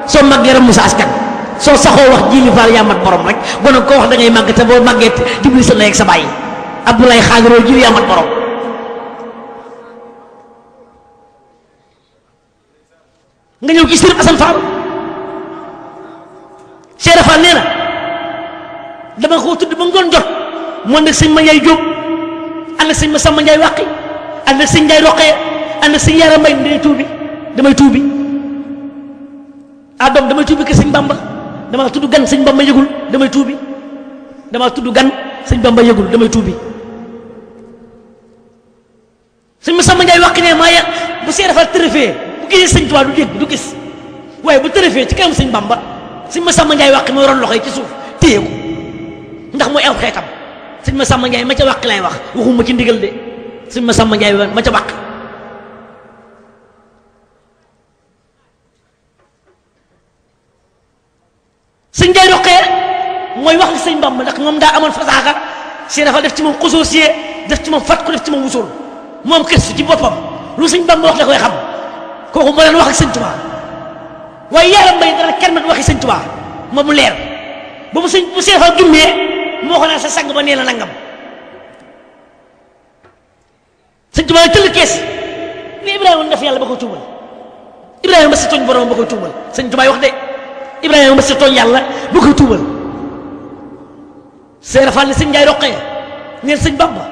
Speaker 1: so mag yaram musa askan so saxo wax jili fal yambat borom rek gone ko wax da ngay mag te bo maget dibli sa nek sa bay abdoulaye khadro jili yambat borom nga ñew ci sir asan fall cheikh dafa neena dama ko tudd ba ngon jot mo nak seigne ma ñay job and seigne ma sama ñay waqi and seigne ñay roqé and seigne yara may ndé tuubi damay tuubi adam damay tuubi ke seigne bamba dama tuddu gan seigne bamba yegul damay tuubi dama tuddu gan seigne bamba yegul damay tuubi seigne ma sama ñay waqi ne ma ya bu cheikh dafa térfé bu gisé seigne touba du jégg du gis waye bu térfé ci kam seigne bamba sëñ ma sàmm njaay wàq mooy ron loxo yi ci suuf téye ko ndax mooy aw xeetam sëñ ma sàmm njaay ma ca wàq laay wax waxuma ci ndigal de sëñ ma sàmm njaay ma ca wàq sëñ njaay roqee mooy wax li sëñ bamba ndax moom daa amoon fasaaxa si dafa def ci moom xusuusiye def ci moom fat ko def ci moom wusul moom kër si ci boppam lu sëñ bamba wax da koy xam kooku moo leen wax ak sëñ Tuubaa waaye yaram bay dara kermet waxi sëñ Tuubaa ma mu leer ba mu sëñ bu seexoo jummee moo ko naa sa sang ba nee la nangam sëñ Tuubaa tëll kees ni Ibrahima def yàlla ba ko tuubal Ibrahima ba si ba koy tuubal sëñ Tuubaa wax roqee neen sëñ Bamba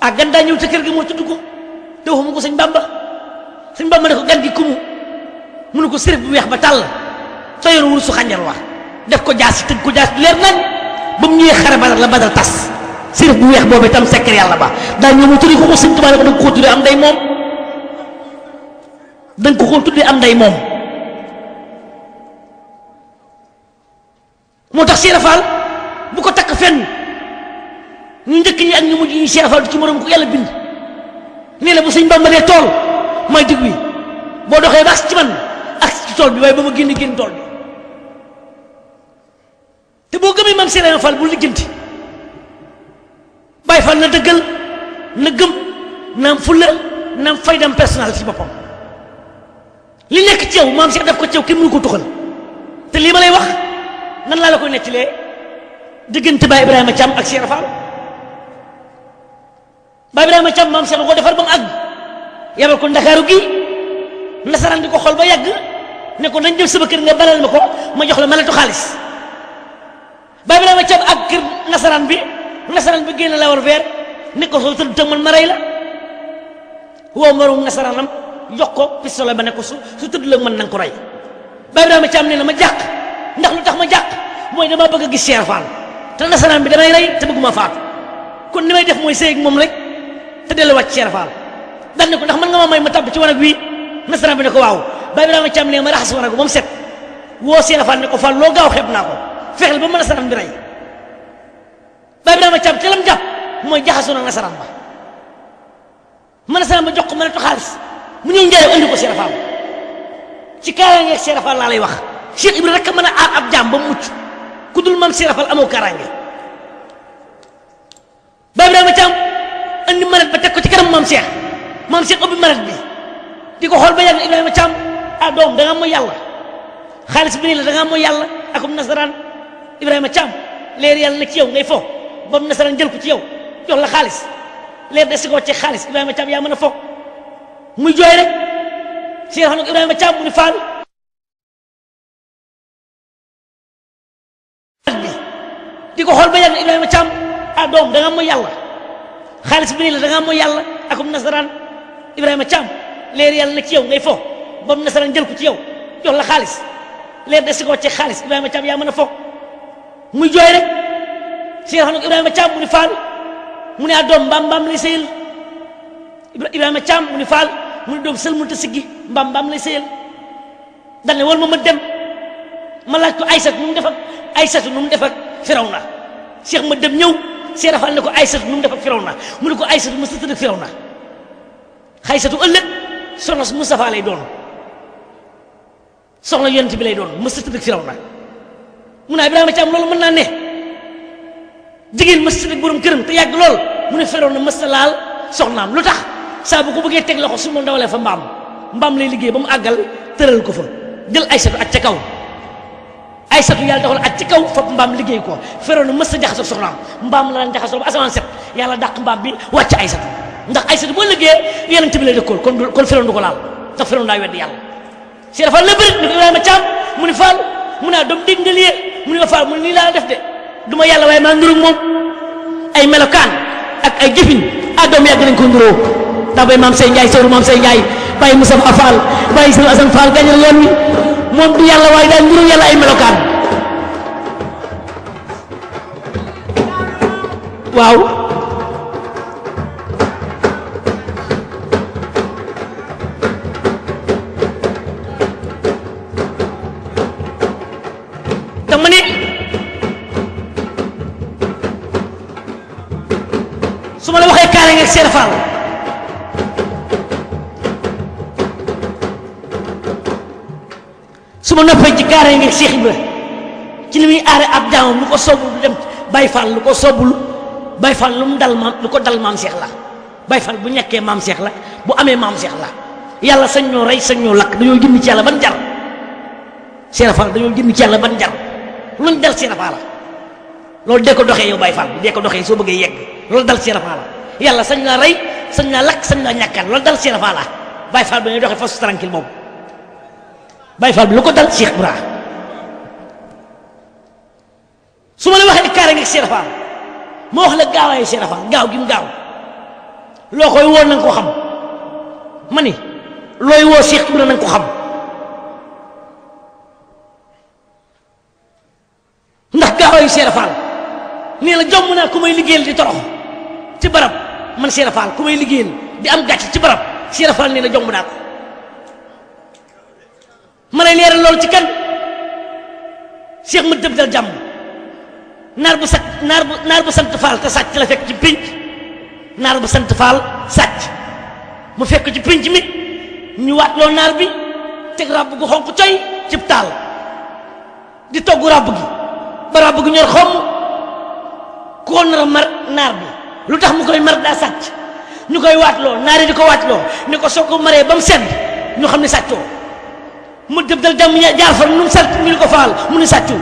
Speaker 1: ak gan daa ñëw ca kër gi moo tudd ko te waxuma ko sëñ Bamba sëñ Bamba ne ko gan kumu mu ko sërif bu weex ba tàll fayoon wul su xànjar wa def ko jaas tëgg ko jaas leer nañ ba mu ñëwee xare badar la badar tas sërif bu weex boobu itam sekkar yàlla ba daa ñëw mu tuddi ko ko sëñ Tuubaa ne ko da nga ko tuddee am day moom da ko tuddee am day moom moo tax Cheikh bu ko takk fenn ñu njëkk ñi ak ñu mujj ñi Cheikh Fall du ci moroom ko yàlla bind nii la bu sëñ Bamba nee tool may dig wi boo doxee baax ci man sol bi waaye ba ma génn génn tool bi te boo gëmee maam Serigne Fall bu lijjanti Baye Fall na dëggal na gëm na am fulla na am faydam personnel ci boppam li nekk ci yow maam Cheikh daf ko ci ki kenn ko tuxal te lii ma lay wax nan laa la koy nettalee diggante Baye Ibrahima Thiam ak Serigne Fall Baye Ibrahima Thiam maam Cheikh da ko defar ba mu àgg yabal ko Ndakaaru gi nasaraan di ko xool ba yàgg. ne ko nañ jël sama kër nga balal mako ma jox la malatu khalis ba bi dama cab ak kër nasaran bi nasaran bi génn la war ver ne ko soo tëdd man maray la wo marum nasaranam jox ko pistolet ba ne ko su tud la man nang ko ray ba bi dama cab ne la ma jàq ndax lutax ma jàq moy dama bëgg a gis Cheikh Fall te nasaran bi damay ray te bëgguma faatu kon ni may def moy sëy mom rek te wat Cheikh Fall dan ne ko ndax man nga ma may ma tab ci wanag wi nasaran bi ne ko waaw بابنا ما تعمل ما راح سوونا قوم سب وصينا فلنا قفل لوجا وخبنا قوم فعل بمن نسرم براي بابنا ما تعمل كلام جاب ما جاه سوونا نسرم ما نسرم بجوك ما نتخلص من يوم جاي عندك سيرفا شكرا يا سيرفا الله لي وخ شيخ ابن ركب منا عقب جام بموت كدل من سيرفا الامو كرانيا بابنا ما تعمل اني مرت بتكو تكرم مام شيخ مام شيخ ابن مرت بي ديكو خول بيان ابن ما تعمل ah doom da nga mooy yàlla la da nga yàlla akum nasaraan Ibrahima Thiam leer yàlla ne ngay fo boobu nasaraan ci yow jox la xaalis leer de si ko wàccee a fo muy jooy ko xool ba yàgg Ibrahima Thiam ah doom da nga mooy yàlla la da nga yàlla akum nasaraan Ibrahima Thiam leer yàlla ne ci ngay fo ba mu nasaraan jël ko ci yow jox la xaalis leer de si ko ci xaalis Ibrahima Thiam yaa mën a foog muy jooy rek si nga ne Ibrahima Thiam mu mu ne ah doom mbaam mbaam lay sëyal Ibrahima Thiam mu ni faal mu ne doom sël mënut a siggi mbaam ne wal ma ma dem ma laaj ko Aysatu nu mu def ak Aysatu nu mu def ak Firawna Cheikh ma dem ñëw Cheikh Rafal ne ko Aysatu nu mu def ak Firawna mu ne ko Aysatu mu sëtëdd ak Firawna xaysatu ëllëg soxna Moustapha lay doon. soxna yonent bi lay doon mës a tëdd ak Firawna mu ne Ibrahima Thiam loolu mën naa ne jigéen mës a tëdd ak borom këram te yàgg lool mu ne Firawna mës a laal soxnaam lu tax saa bu ko bëggee teg loxo su ma ndawalee fa mbaam mbaam lay liggéey ba mu àggal tëral ko fa jël Aysatu at ca kaw Aysatu yàlla doxal at ci kaw fab mbaam liggéey ko Firawna mës a jaxasoo soxnaam mbaam la daan jaxasoo ba asamaan set yàlla dàq mbaam bi wàcc Aysatu ndax Aysatu boo liggéey yonent bi lay dëkkool kon kon Firawna du ko laal ndax Firawna daa weddi yàlla ci dafa la ni ko Ibrahima ma cham ni fal mu dum doom dégg la fal mu ni la def de duma yalla way ma maa mom ay melokan ak ay jefin adom yag nañ ko nduro ndax bay Sey ndjay sey mam Sey Ndiaye bàyyi Moussa fal bay Sëriñ Assane fal gañal yoon wi mom du yalla way da ndurug yalla ay melokan waw suma noppee ci kaaraange ngi Cheikh Ibra ci limi aré ab jaam lu ko soobu du dem bay Fall lu ko soobul Baye Fall lu dal mam lu ko dal mam Cheikh la bay Fall bu ñàkkee mam Cheikh la bu amé mam Cheikh la yalla sañ ñoo ray sañ ñoo lak dañoo jinn ci yalla ban jar Cheikh Fall dañoo jinn ci yalla ban jar luñ dal Cheikh Fall loolu de ko doxé yow bay Fall de ko doxé so bëggé yegg loolu dal Cheikh Fall yalla sañ la ray sañ la lak sañ la ñakkal loolu dal Cheikh Fall bay Fall ba ñuy doxee fasu tranquille mom Baye Fall bi lu ko dal Cheikh Ibra su ma la waxee kaare ngeeg Cheikh Fall ma wax la gaawaayu Cheikh Fall gaaw gi mu gaaw loo koy woo na nga ko xam ma ni looy woo Cheikh Ibra na ko xam ndax gaawaayu Cheikh Fall nee la jomm naa ku may liggéeyal di torox ci barab man Cheikh Fall ku may liggéeyal di am gàcc ci barab Cheikh Fall nee la jomm naa ko. mané léral leeral ci kan Cheikh mu dëb dal jam nar bu sat nar bu nar bu sant faal ta sàcc la fek ci pinch nar bu sant faal sàcc mu fek ci pinch mi ñu wat lo nar bi teg ràbb gu xonku tay ci tal di togu gi ba gu ñor xom ko nar mar nar bi lu mu koy mar da sàcc ñukoy wat lo nar di ko wat lo ni soko maré bam sen ñu xamni mu dem dal dem jaar fa ñu sant ñu ko faal mu ni satchu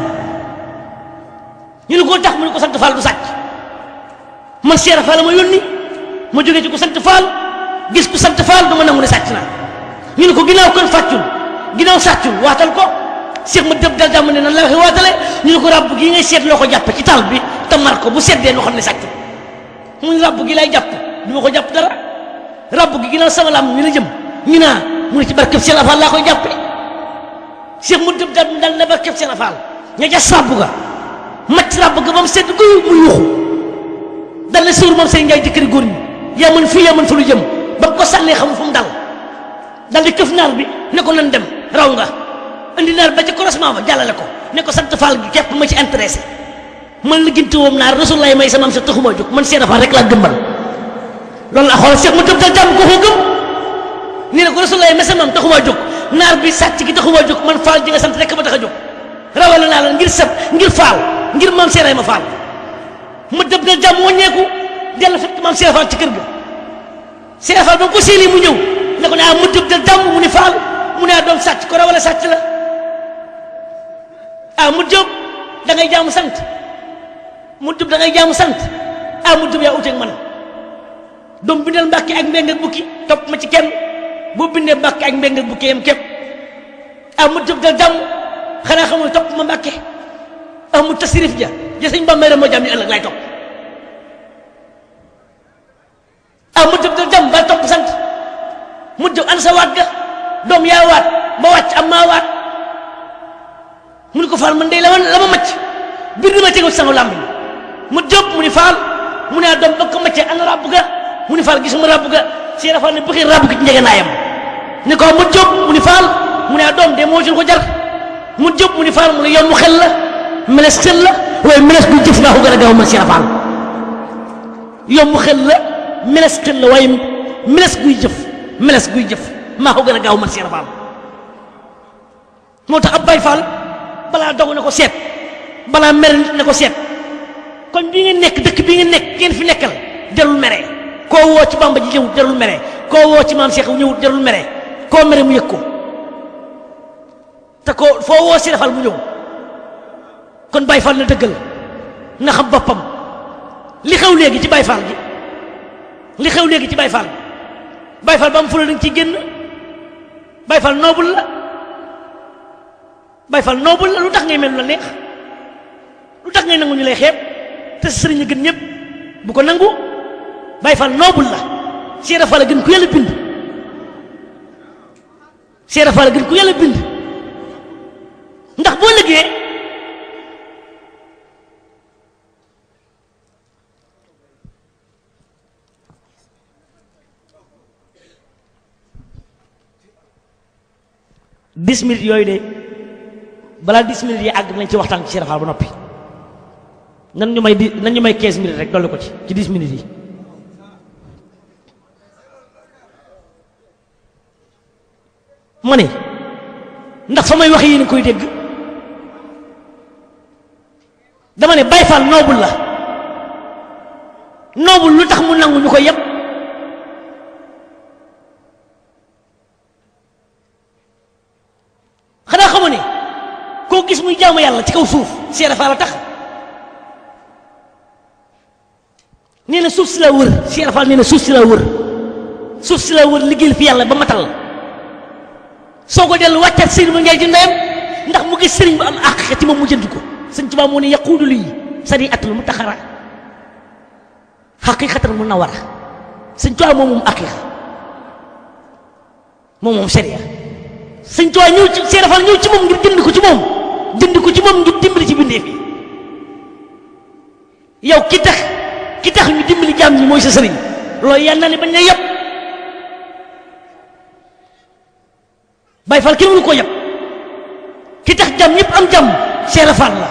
Speaker 1: ñu ko tax mu ko sant faal du satch man cheikh faal ma yoni mu joge ci ko sant faal gis ko sant faal du ma nangu ni satch na ñu ko ginaaw kon fàccul ginaaw satchu watal ko cheikh mu dëb dal dàmm ne nan la waxe watale ñu ko rabbu gi ngay seet loko japp ci tal bi ta mar ko bu sedde nu xamni ne mu ne ràbb gi lay japp du ko japp dara rabbu gi ginaaw sama lam ñu la jëm ñu naa mu ne ci barkeb seen afal laa koy jàppee cheikh mu dëb dal dal na ba kef seen faal ja sabu ga mat rab ga ba set sedd guy mu yuuxu dal na sour mom sey ngay dikri gor ni yaa mën fii yaa mën fa lu jëm ba ko sàllee xam fu dal dal di këf nar bi ne ko nan dem raw nga andi nar ba ci crossement ba jalale ko ne ko sant fal gi ma ci intéressé man la gintu woom nar rasulaay may sama sa taxuma juk man sey faal rek la gëmbal lol la xol cheikh mu dal jam ko ko gëm ni la ko rasulullah ya, messam am taxuma juk nar bi sacc gi taxuma juk man fal gi nga sant rek ma taxa jog rawal na la ngir sab ngir fal ngir mam seray ma fal mu deb na jam woñeku del fat mam seray fal ci keur ga seray fal bam ko seeli mu ñew ne ko ah, na mu deb del jam mu ni fal mu ne ah, do sacc ko rawal sacc la ah, a mu deb da ngay jam sant mu deb da ngay jam sant a mu job yaa uteeg man dom bindal mbàkki ak mbeng ak bukki top ma ci kenn bu bindee bakki ak mbeng bu kéem képp amu tëbtal jam xana xamul topp ma Mbàkke amu tasrif ja ja sëñ ba rek mo jam ni ëllëg lay topp amu tëbtal jam ba topp sant mu jëw an sa wat ga dom ya wat ba wat am ma wat mu ko faal man day la la macc tegu mu jóg mu ni faal mu ne dom ba ko an rabb ga mu ni faal gisuma ràbb ga Cheikh Ibra Fall ràbb gi ci njegenaayam ni ko mu jóg mu ni faal mu ne a ah, doom de moo suñ ko jar mu jóg mu ni faal mu ne yoon mu meles xel waaye meles a gaaw man Cheikh Ibra Fall yoon guy jëf meles guy jëf maa ko gën a gaaw man Cheikh Ibra Fall moo tax ab Faal balaa dogu na ko seet balaa mere nit ko seet kon bi ngeen nekk dëkk bi ngeen nekk ngeen fi nekkal delul mere koo woo ci bamba ji ñëwut jarul mere koo woo ci maam Cheikh ñëwut jarul mere koo mere mu yëg ko te koo foo woo si defal mu ñëw kon Baye Fall na dëggal na xam boppam li xew léegi ci Baye Fall gi li xew léegi ci Baye Fall gi Baye Fall ba mu fula dañ ciy génn Baye Fall noobul la Baye Fall noobul la lu tax ngay mel la neex lu tax ngay nangu ñu lay xeeb te sëriñ ñi gën bu ko nangu Baay Faal noobul la Seera Faal a gën ku yàlla bind ndax boo liggéey dix minutes yooyu de balaa dix minutes yi àgg nañ ci waxtaan ci Seera Faal ba noppi nan ñu may di nan ñu may quinze minutes rek dolli ko ci ci dix minutes yi ma ne ndax fa may wax yéen koy dégg dama ne Baay Faal noobul la noobul lu tax mu nangu ñu koy yëpp xanaa xamu ni koo gis muy jaamu yàlla ci kaw suuf Cheikh Faal a tax nee na suuf si la wër Cheikh Faal nee suuf si la wër suuf si la wër liggéeyal fi yàlla ba matal soko del waccat sëriñ ma ngay ji ndeyam ndax mu gis sëriñ ba am àq ci mu ko tuba yaqulu atul mu taxara xaqiqatan tuba moom moom aqiqa moom moom sharia sëñ tuba ñëw ci seerafal ñëw ci moom ngir jënd ko ci moom jënd ko ci ngir dimbali ci fi yow ki tax ki tax ñu dimbali ñi sa ne bay fal kenn ko yeb ki tax jam ñep am jam Cheikh Fall la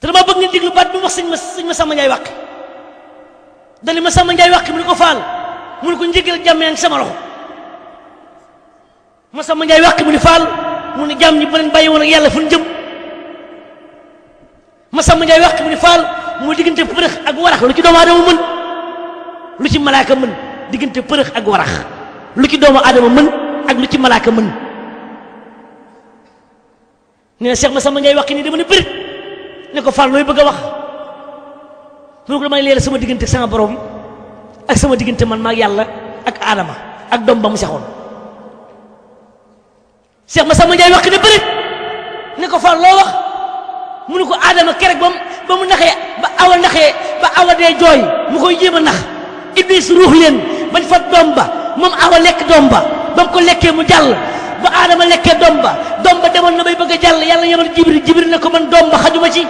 Speaker 1: te dama bëgg ni diglu baat bu wax sëñ ma sëñ ma Samba Ndiaye wàq dali ma sama Ndiaye wàq mu ko Fall mu ko njëgal jam yang sama loxo ma sama Ndiaye wàq mu ni Fall mu ni jam ñi bu leen bayiwon ak yalla fu ñu jëm ma sama Ndiaye wàq mu ni fal mu fu rek ak warax lu ci doomu mu mën lu ci malaaka mën diggante përëx ak warax lu ci doomu aadama mën ak lu ci malaaka mën nee na Cheikh Massamba Ndiaye wax ki nii dama ne bërit ne ko Fall looy bëgg a wax mu ko damay leeral sama diggante sama borom ak sama diggante man maag yàlla ak adama ak doom ba mu sexoon ma sama Ndiaye wax ki ne bërit ne ko Fall loo wax mu ko aadama kerek ba mu ba mu naxee ba awa naxee ba awa dee jooy mu koy jéem a nax iblis ruux leen bañ fat doom ba moom a lekk doom ba ba mu ko lekkee mu jàll ba aadama lekkee doom ba doom ba demoon na bay bëgg a jàll yàlla yemal jibri jibri na ko man doom ba xajuma ci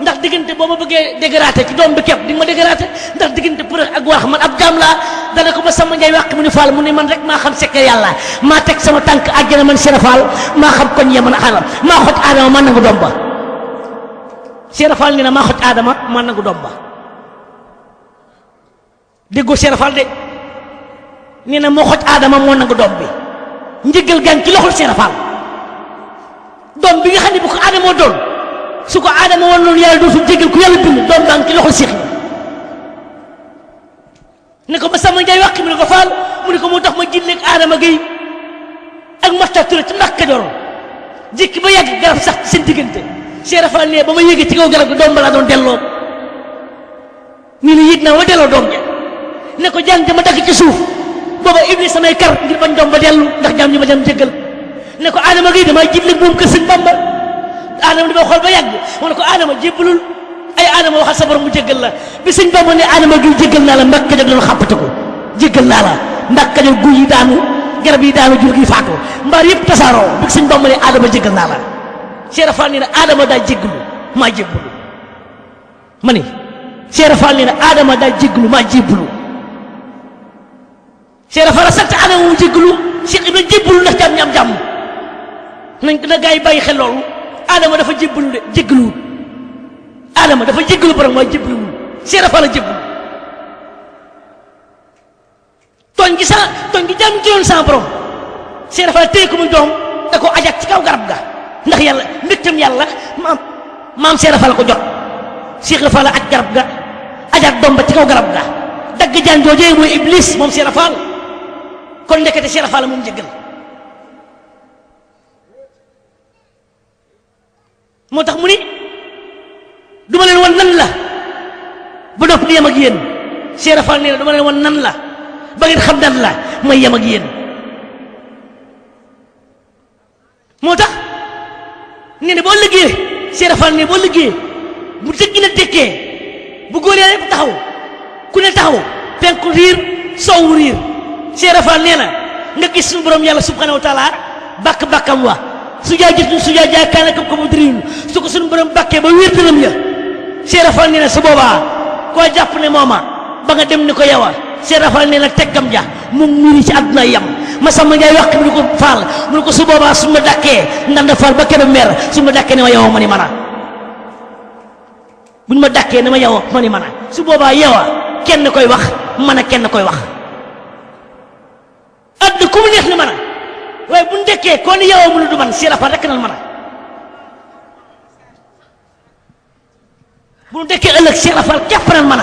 Speaker 1: ndax diggante boo ma bëggee dégraté ci doom bi kepp di nga ma dégraté ndax diggante pour ak wax man ab jaam laa dana ko ba sama njay wàq mu ni faal mu ni man rek maa xam sekke yàlla maa teg sama tànk àjjana man Cheikh Fall maa xam koñ ye man aadama maa xoj aadama man nangu doom ba Cheikh Fall nee maa aadama man nangu doom ba déggoo nee mo xoj adama mo nangu doom bi njëgal gan ci loxol sen fal doom bi nga xam bu ko adama doon su ko adama won non yalla do su jégal ku yalla bind doom gan ngi ci loxol seex ne ko ba sama njaay wax mi ko fal mu ne ko mo tax ma ak adama gay ak maxtar tur ci ndax jor jik ba yàgg garab sax sen digeunte diggante seera ne bama ma ci kaw garab gi doom ba laa doon delloo nii ni yit na wa delo doom ne ko jang ma dakk ci suuf booba iblis samay kar ngir bañ dom ba delu ndax jaam ñu ba dem jéggal ne ko adama gi dama jibli buum ko seug bamba adama dama xol ba yagg mon ko adama jiblul ay adama waxa sa borom mu jéggal la bi seug bamba ne adama gi jéggal na la mbàkk jéggal lu xàppate ko jéggal na la mbàkk jog guy yi daanu garab yi daanu jur gi faatu mbaar yëpp tasaaroo bi seug bamba ne adama jéggal na la cheikh rafal ne adama da jéggalu maa jébbalu ma ne cheikh rafal ne adama da jéggalu ma jébbalu cheikh dafa la sant ana wu jéglu cheikh ibra jébbalu ndax jam jam jam nañ na gay bàyyi xel lolou adama dafa jébbalu de jéglu adama dafa jéglu borom waaye jébbalu cheikh dafa la jébbalu ton gi sa ton gi jam ci yoon sa borom cheikh dafa téye ko mu dom da ko ajak ci kaw garab ga ndax yalla nitam yalla mam mam cheikh dafa la ko jot cheikh dafa la aj garab ga ajak dom ba ci kaw garab ga dag jaan joojee moy iblis mom cheikh dafa la kon ndekete Cheikh Fall moom njëggal moo tax mu ni duma leen wan nan la ba noppi yem ak yéen Cheikh Fall nee na duma leen wan nan la ba ngeen la may yem ak yéen moo tax nee na boo liggéey Cheikh Fall ne boo liggéey bu tëggi na dëkkee bu góor yàlla yëpp taxaw ku ne taxaw penku riir soowu riir Si fa neena nga gis suñu borom yalla subhanahu wa ta'ala bak bakam wa suja jitu suja jaakana ko ko dirin su ko suñu borom bakke ba wértalam ya sera neena su boba ko japp ne moma ba nga dem ni ko yawa sera neena teggam ja mu miri ci aduna yam ma sama ngay wax mu ko fal mu ko su boba ma dakke ndanda fal bakke be mer ma dakke ne yawa mani mana buñ ma dakke ne ma yawa mani mana su boba yawa kenn koy wax mana kenn koy wax adduna ku mu neex ni mën a waaye bu ndekkee kon yow mu lu du man si la fa rekk nan a bu ndekkee ëllëg si la fa képp nan a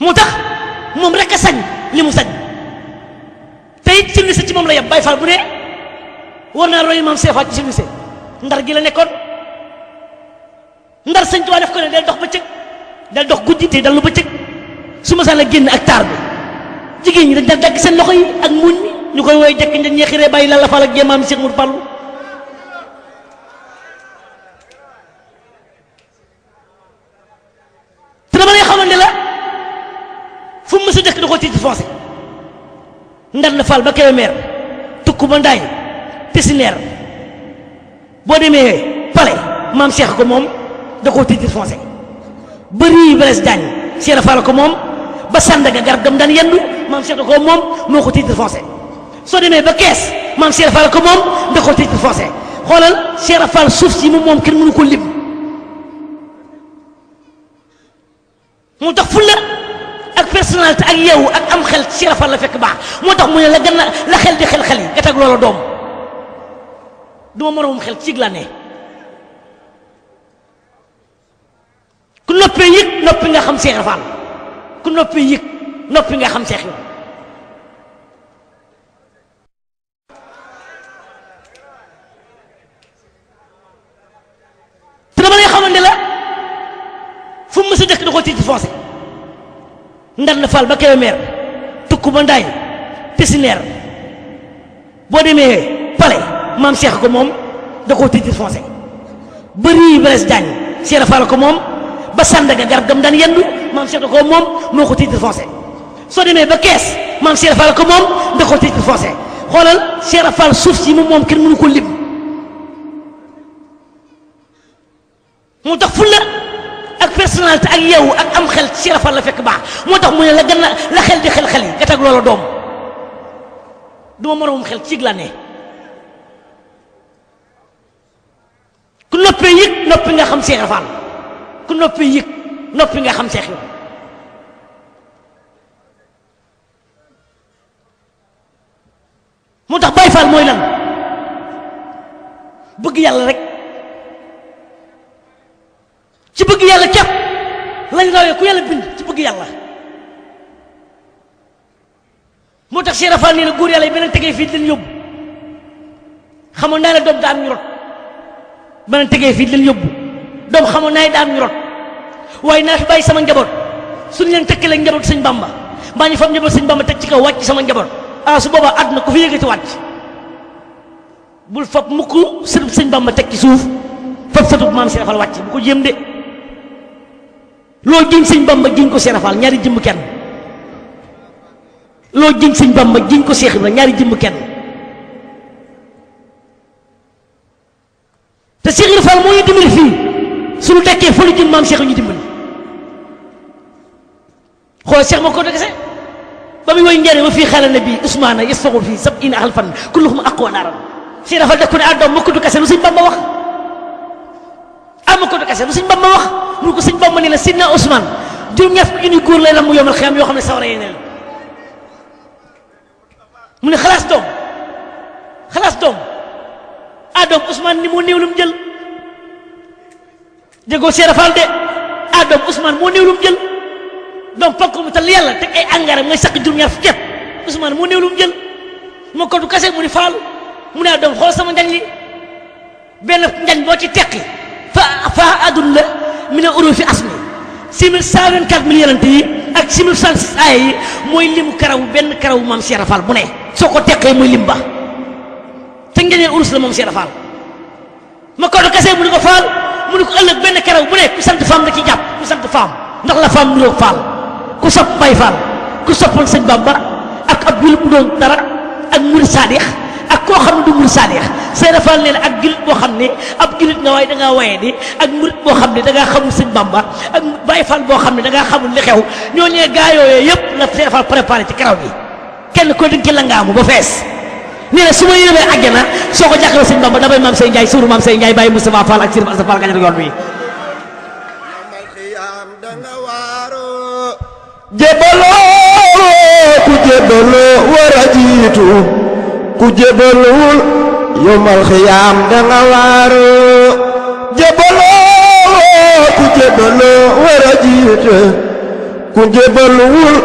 Speaker 1: mu tax moom rek a sañ li mu sañ te it ciblise ci moom la yem Baay Faal bu ne war naa roy maam Seex Faal ci ciblise ndar gi la nekkoon ndar sëñ Tuubaa def ko ne del dox bëccëg del dox guddi te dal lu bëccëg su ma sàlla génn ak taar bi jigéen ñi dañ daan dagg seen loxo yi ak muñ mi ñu koy woy dekk nda ñeexiree bàyyi lalla fal ak jéemaam Cheikh Mour Fallou te dama lay xamal la fu mu mës a dëkk da ko tiiti foncé ndar la fal ba Kébémer tukku ba ndaay pisineer boo demee pale maam Cheikh ko moom da koo tiiti foncé bëri yi bres dañ Cheikh Fall ko moom ba Sandaga garab gam daan yendu maam Cheikh da ko moom moo ko titre français soo demee ba kees maam Cheikh Fall ko moom da ko titre français xoolal Cheikh Fall suuf si mu moom kenn mënu ko lim moo tax fulla ak personnalité ak yow ak am xel Cheikh Fall la fekk baax moo tax mu ne la gën a la xel di xel xel yi nga tag loola doom duma moromum xel cig la ne ku noppee yëg noppi nga xam Cheikh Fall ku noppi yëg noppi nga xam seex yoon te dama lay xamante la fu mu mës dëkk da ko tiiti foncé ndar na faal ba Kébémer tukku ba ndaay pisineer boo demee pale maam seex ko moom da ko tiiti foncé bëri yi beres jaañ seera faal ko moom ba sandaga garab gam dan yendu mam Cheikh ko mom moo titre français so demé ba caisse mam Cheikh Fall ko mom da ko titre français xolal Cheikh Fall souf ci mom mom ken mënu ko lim moo tax fulla ak personnalité ak yeewu ak am xel Cheikh Fall la fekk baax moo tax mu la gën la xel di xel-xel yi nga lolo dom doom duma moroomum xel ci glané ku noppé yëg noppi nga xam Cheikh Fall ku noppi yëg noppi nga xam seex xew moo tax Baay Faal mooy lan bëgg yàlla rek ci bëgg yàlla képp lañ rawee ku yàlla bind ci bëgg yàlla moo tax Cheikh Rafal nee na góor yàlla yi beneen tegee fii leen yóbbu xamoon naa ne doom daa am ñu rot beneen tegee fii leen yóbbu doom xamoon naa ne daa ñu rot way naa fi sama njaboot suñ leen tëkkalee njabot señ bamba bañu fam njabot señ bamba tek ci kaw wacc sama njabot ala su boba àdduna ku fi yegati wacc bul fop muku sëtub señ bamba tek ci suuf fop sëtub maam Seex rafal wacc bu ko jéem de lo jiñ señ bamba giñ ko nyari Faal ñaari jëmm kenn lo señ bamba giñ ko cheikh Ibra ñaari kenn te cheikh rafal moy fi suñu tekké fële ci maam cheikh ñu dimbali xool cheikh mako ko dëgg see ba muy woy njëriñ wa fii xelal nabi usmaana yasfu fi sab'ina alfan kulluhum aqwa naaran si dafa dekku ne àddoom mukk du kase lu suñ bamba wax ah mukk du kase lu suñ bamba wax lu ko suñ bamba ni la sidna usman juróom ñaar fukki ñu góor lay lam mu yomal xiyam yo xamne sawra sawara yee neen mu ne xalaas doom xalaas doom ah doom ni mo neewlum jël jegoo seera eh, fal de adam doom ousmane moo néew jël donc fakku mu tal yalla teg ay engrais mooy sak juróom-ñaar fukki at ousmane moo néew jël mo ko du kasse mu ni fal mu ne adam xol sama njañ li ben njañ bo ci teqi fa fa adul la min ne asmi 6024 mille yonent yi ak 6106 ay yi moy lim karaw ben karaw mam Cheikh Fall bu ne soko ko moy lim ba te ngeen urus la moom Cheikh Fall ma ko do kasse mu ni ko fal mu ne ko ëllëg benn kerew bu ne ku sant faam da ciy jàpp ku sant faam ndax la faam niroog faal ku sopp mbay faal ku soppoon sëñ Bàmba ak ab jullit bu doon dara ak murid saadix ak koo xam ne du murid saadix Sëriñ ak jullit boo xam ne ab jullit nga waaye da ngaa waye di ak murid boo xam ne da ngaa xamul sëñ Bàmba ak bay Faal boo xam ne da ngaa xamul li xew ñooñee gaa yooyu yëpp la Sëriñ Faal préparé ci kerew bi kenn ko di nga ci langaamu ba fees nee na su ma soo ko jàkkale sëñ Bamba damay maam Sey suuru maam Sey Ndiaye bàyyi Moustapha Fall ak Sëriñ Moustapha Fall Kajoor yoon yomal xiyaam danga waaru jébaloo ku jébaloo war jiitu ku jébaluwul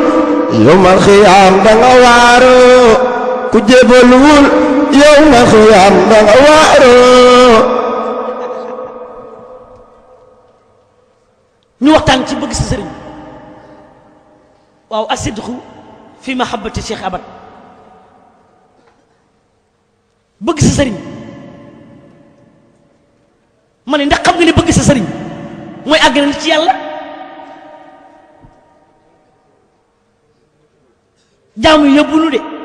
Speaker 1: yomal xiyaam danga waaru ku jébaluwul yow ma xiyaam da nga waaroo ñu waxtaan ci bëgg sa sëriñ waaw asidqu fi mahabbati cheikh abad bëgg sa sëriñ ma ne ndax xam nga ne bëgg sa sëriñ mooy àggal ci yàlla jaamu yóbbu nu de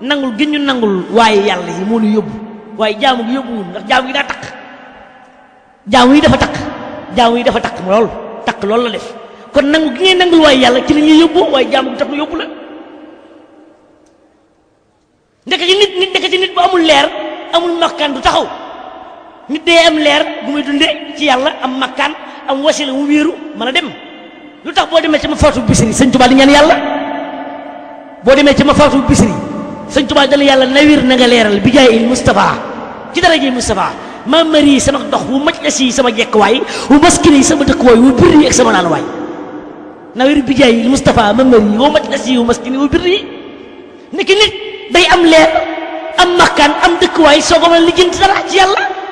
Speaker 1: nangul gi ñu nangul waye yalla yi mo ñu yobbu waye jaamu gi yobbu ndax jaamu gi da tak jaamu yi dafa tak jaamu yi dafa takk lool tak lool la def kon nangul gi ngay nangul waye yalla ci li ñuy yobbu waye jaamu gi tak mu yobbu la ndek ci nit nit ndek ci nit bu amul leer amul makkan du taxaw nit day am leer bu muy dundé ci yalla am makkan am wasila mu wiru mën dem lu bo demé ci ma faatu bisri sëñ touba di ñaan yalla bo demé ci ma faatu bisri sëñ Tuubaa dala yàlla nawir na nga leeral bi jaay il Moustapha ci dara ji Moustapha ma mari sama dox wu maj la si sama jekkuwaay wu maskini sama dëkkuwaay wu birri ak sama naan waay nawir bi jaay il Moustapha ma mari wu maj la si wu maskini wu birri niki nit day am leer am makkaan am dëkkuwaay soo ko mën a dara ci yàlla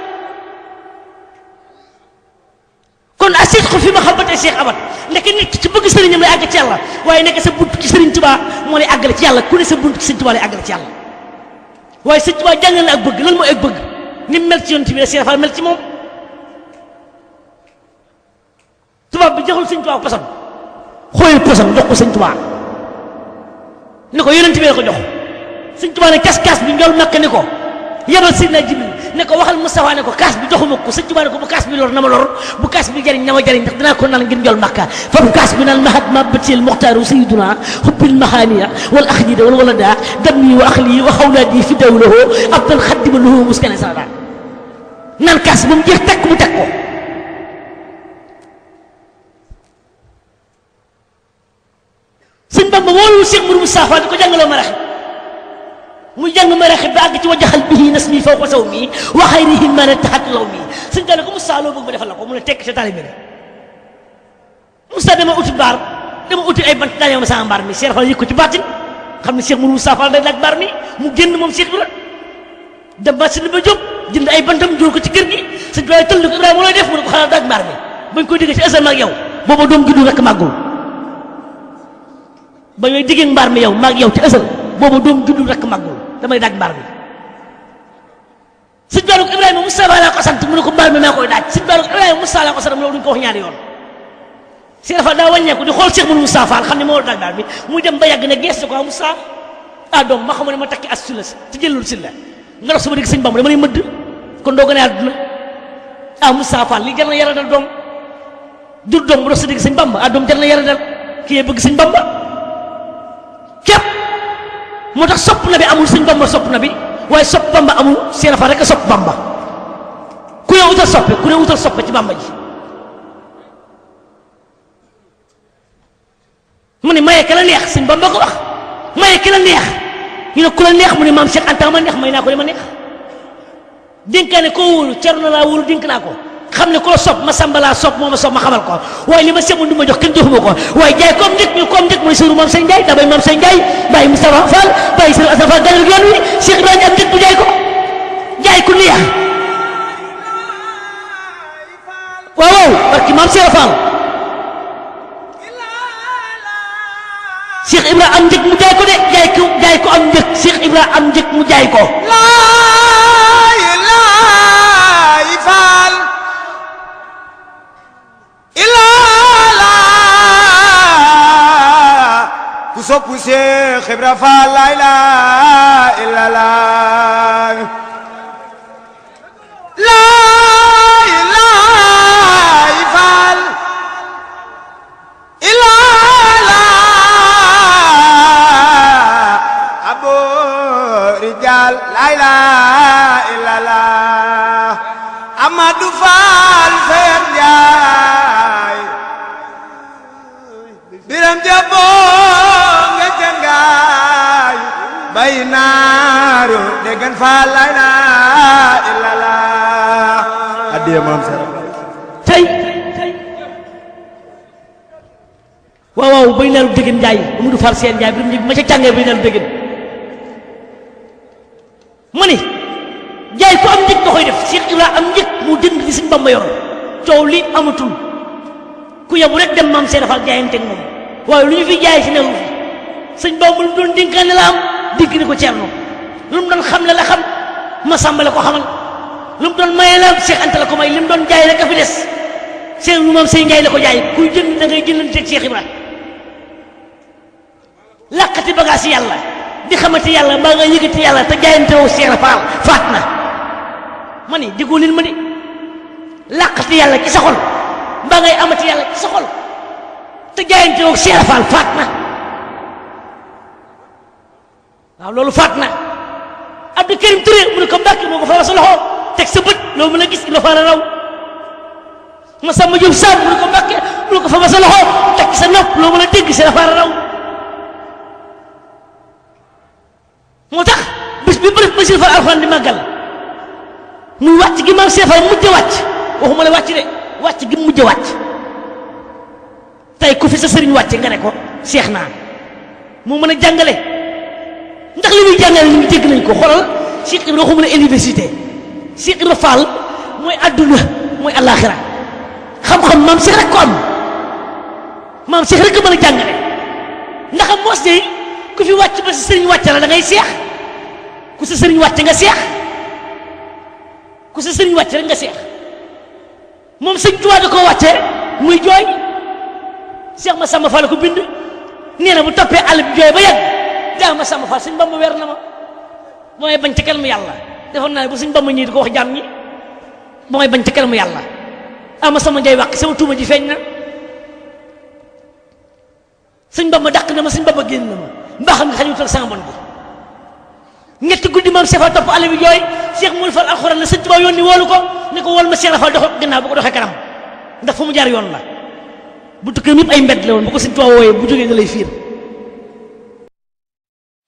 Speaker 1: kon asidqu fi mahabbati Cheikh Abad ndeke nekk ci bëgg sëriñam lay àgg ci yàlla waaye nekk sa bunt ci sëriñ Tuubaa moo lay àggale ci yàlla ku ne sa bunt ci sëriñ Tuubaa lay àggale ci yàlla waaye sëriñ Tuubaa jàngal na ak la lan mooy ak bëgg ni mel ci yonent bi la Cheikh Fall mel ci moom tubaab bi joxul sëriñ Tuubaa posam xooyul posam jox ko sëriñ Tuubaa ni ko yonent bi la ko jox sëriñ Tuubaa ne kas-kas bi njool makk ni ko yabal sidna jibril ne ko waxal mustafa ne ko kas bi doxuma ko sëñ ne ko bu kas bi lor nama lor bu kas bi jariñ nama ma jariñ ndax ko naan ngir jol makka fa bu kas bi naan mahad ma batil muxtaaru hubbil mahaniya wal akhdida wal walada dami wa akhli wa hawladi fi dawlahu abdul khadim lahu muskana sada nan kas bu mu jeex tak mu tek ko sëñ bamba wolu cheikh mourou fa ko jangalo marahi mu jàng ma raxi ba àgg ci wajaxal bihi nas mi fawqa saw mi wa xayrihi ma ne taxat law mi sëñ dale ko Moussa loo bëgg ma defal la ko mu ne tekk ca taalibe ne Moussa dama uti mbaar dama uti ay bant daal ma sama mbaar mi Cheikh Fall yëg ko ci baatin xam ne Cheikh Mourou Moussa Fall day laaj mbaar mi mu génn moom Cheikh bi la dem ba sëñ ba jóg jënd ay bantam jóor ko ci kër gi sëñ bi waaye tëll ko Ibrahima looy def mu ne ko xanaa daaj mbaar mi bañ koy diggee ci asal maag yow booba doom juddu rek màggul ba ñooy diggee mbaar mi yow maag yow ci asal booba doom juddu rek màggul damay daj mbar bi seigne Baruk ibrahim Moussa wala ko sant mu ko mbar mi maa daj seigne sëñ ibrahim Ibrahima Moussa laa ko sant mu ne duñ ko wax ñaari yoon fa da wagne ko di xol Cheikh Mourou Moussa Fall xam ne moo daaj mbaar mi muy dem ba yag ne gess ko ah Moussa ah doom ma xamone ma takki as si la jëlul si la nga dox sama dégg sëñ Bamba dama lay mëdd kon doo aduna a àdduna ah Moussa Fall li jarna na yaradal dom du dom bu dox sa dégg sëñ Bamba ah doom jar na yaradal kii bëgg sëñ Bamba Mudah sop nabi na bi amul seigne bamba sop na bi waaye bamba amul seen fa rek sop bamba ku yow uta sop ku ne uta sop ci bamba ji mune maye kala neex seigne bamba ko wax maye kala neex ñu ne kula neex mune mam Cheikh antama neex may na ko dama neex dinkane ko wul cerno la wul dink na ko xam ne ku la sopp ma sambalaa sopp moo ma sopp ma xamal ko waaye li ma semul du ma jox kenn joxuma ko waaye jaay comme nit ñu comme nit mooy sëru maam sëñ Ndiaye damay maam sëñ Ndiaye bàyyi Moustapha Fall bàyyi sëru Assane Fall dalal yoon wi Cheikh Ibrahima am nit bu jaay ko jaay ku neex waaw waaw barki maam Cheikh Fall Cheikh Ibra am njëg mu jaay ko de jaay ko jaay ko am njëg Cheikh Ibra am njëg mu jaay ko. ku sopp Seex Ibra Faal la ilaha illallah gën faal laa ilaaha illallaah addiya maam sera tey waaw waaw bay leelu dëggën njaay Amadou Fall ma ca càngee bay leelu dëggën ma ni njaay ko am njëg nga koy def Cheikh Ibra am njëg mu jënd li suñ Bamba yoroon coow li amatul ku yebu rek dem maam seera Fall jaayante ak moom waaye lu ñu fi jaay si newu fi sëñ Bamba lu doon dénkaane la am dégg na ko Ceerno lu mu doon xam la la xam ma sàmba la ko xamal lu doon maye la Cheikh Anta la ko may li doon jaay rek a fi des Cheikh lu moom Sëñ Njaay la ko jaay kuy jënd da ngay jëndanteeg te jaayante woo Cheikh Faal faat na ma ni digoo leen ma ni làqati yàlla ci sa xol mbaa ngay amati yàlla ci sa xol te jaayante woo Faal faat na waaw loolu faat na Abdou Karim Touré mu ko Mbàkke mo ko fa sa loxo teg sa bët loo mën a gis la faara raw Masamba mo Sarr mu ne ko Mbàkke mu ko fa sa loxo teg sa nopp loo mën a la raw moo tax bis bi bërëb ba fa alfan di magal mu wacc gi maam mu mujj wacc waxuma oh, la wacc de wacc gi mujj wacc tay ku fi sa serigne wacc nga ne ko cheikh na mo meuna a ndax li muy jàngale ñu dégg nañ ko xoolal Cheikh Ibra waxuma la université Cheikh Ibra Fall mooy adduna mooy àllaaxira xam-xam maam Cheikh rek ko maam Cheikh rek ko mën jàngale ndax mos de ku fi wàcc ba sa sëriñ wàcc la da ngay seex ku sa sëriñ wàcc nga seex ku sa sëriñ wàcc rek nga seex moom sëñ Tuubaa da koo wàccee muy jooy Cheikh ma sàmm Fall ko bind nee na bu toppee àll bi jooy ba yàgg. daa ma sama xol suñ bamb weer na ma mooy bañ ca kanamu yàlla defoon naa ne bu suñ bamb ma di ko wax jàmm ñi mooy bañ ca kanamu yàlla ama sama njay wàq sama tuuma ji feeñ na suñ bamb dàq na ma suñ bamb génn na ma mbaa xam nga xajutul ak sama bon bi ñetti guddi maam sefa topp àll bi jooy seex mu fal alxuraan la sëñ Tuubaa yónni woolu ko ne ko wool ma seex la fal dox gannaaw bu ko doxee kanam ndax fu mu jaar yoon la bu tukkee yëpp ay mbedd la woon bu ko bu jógee nga lay fiir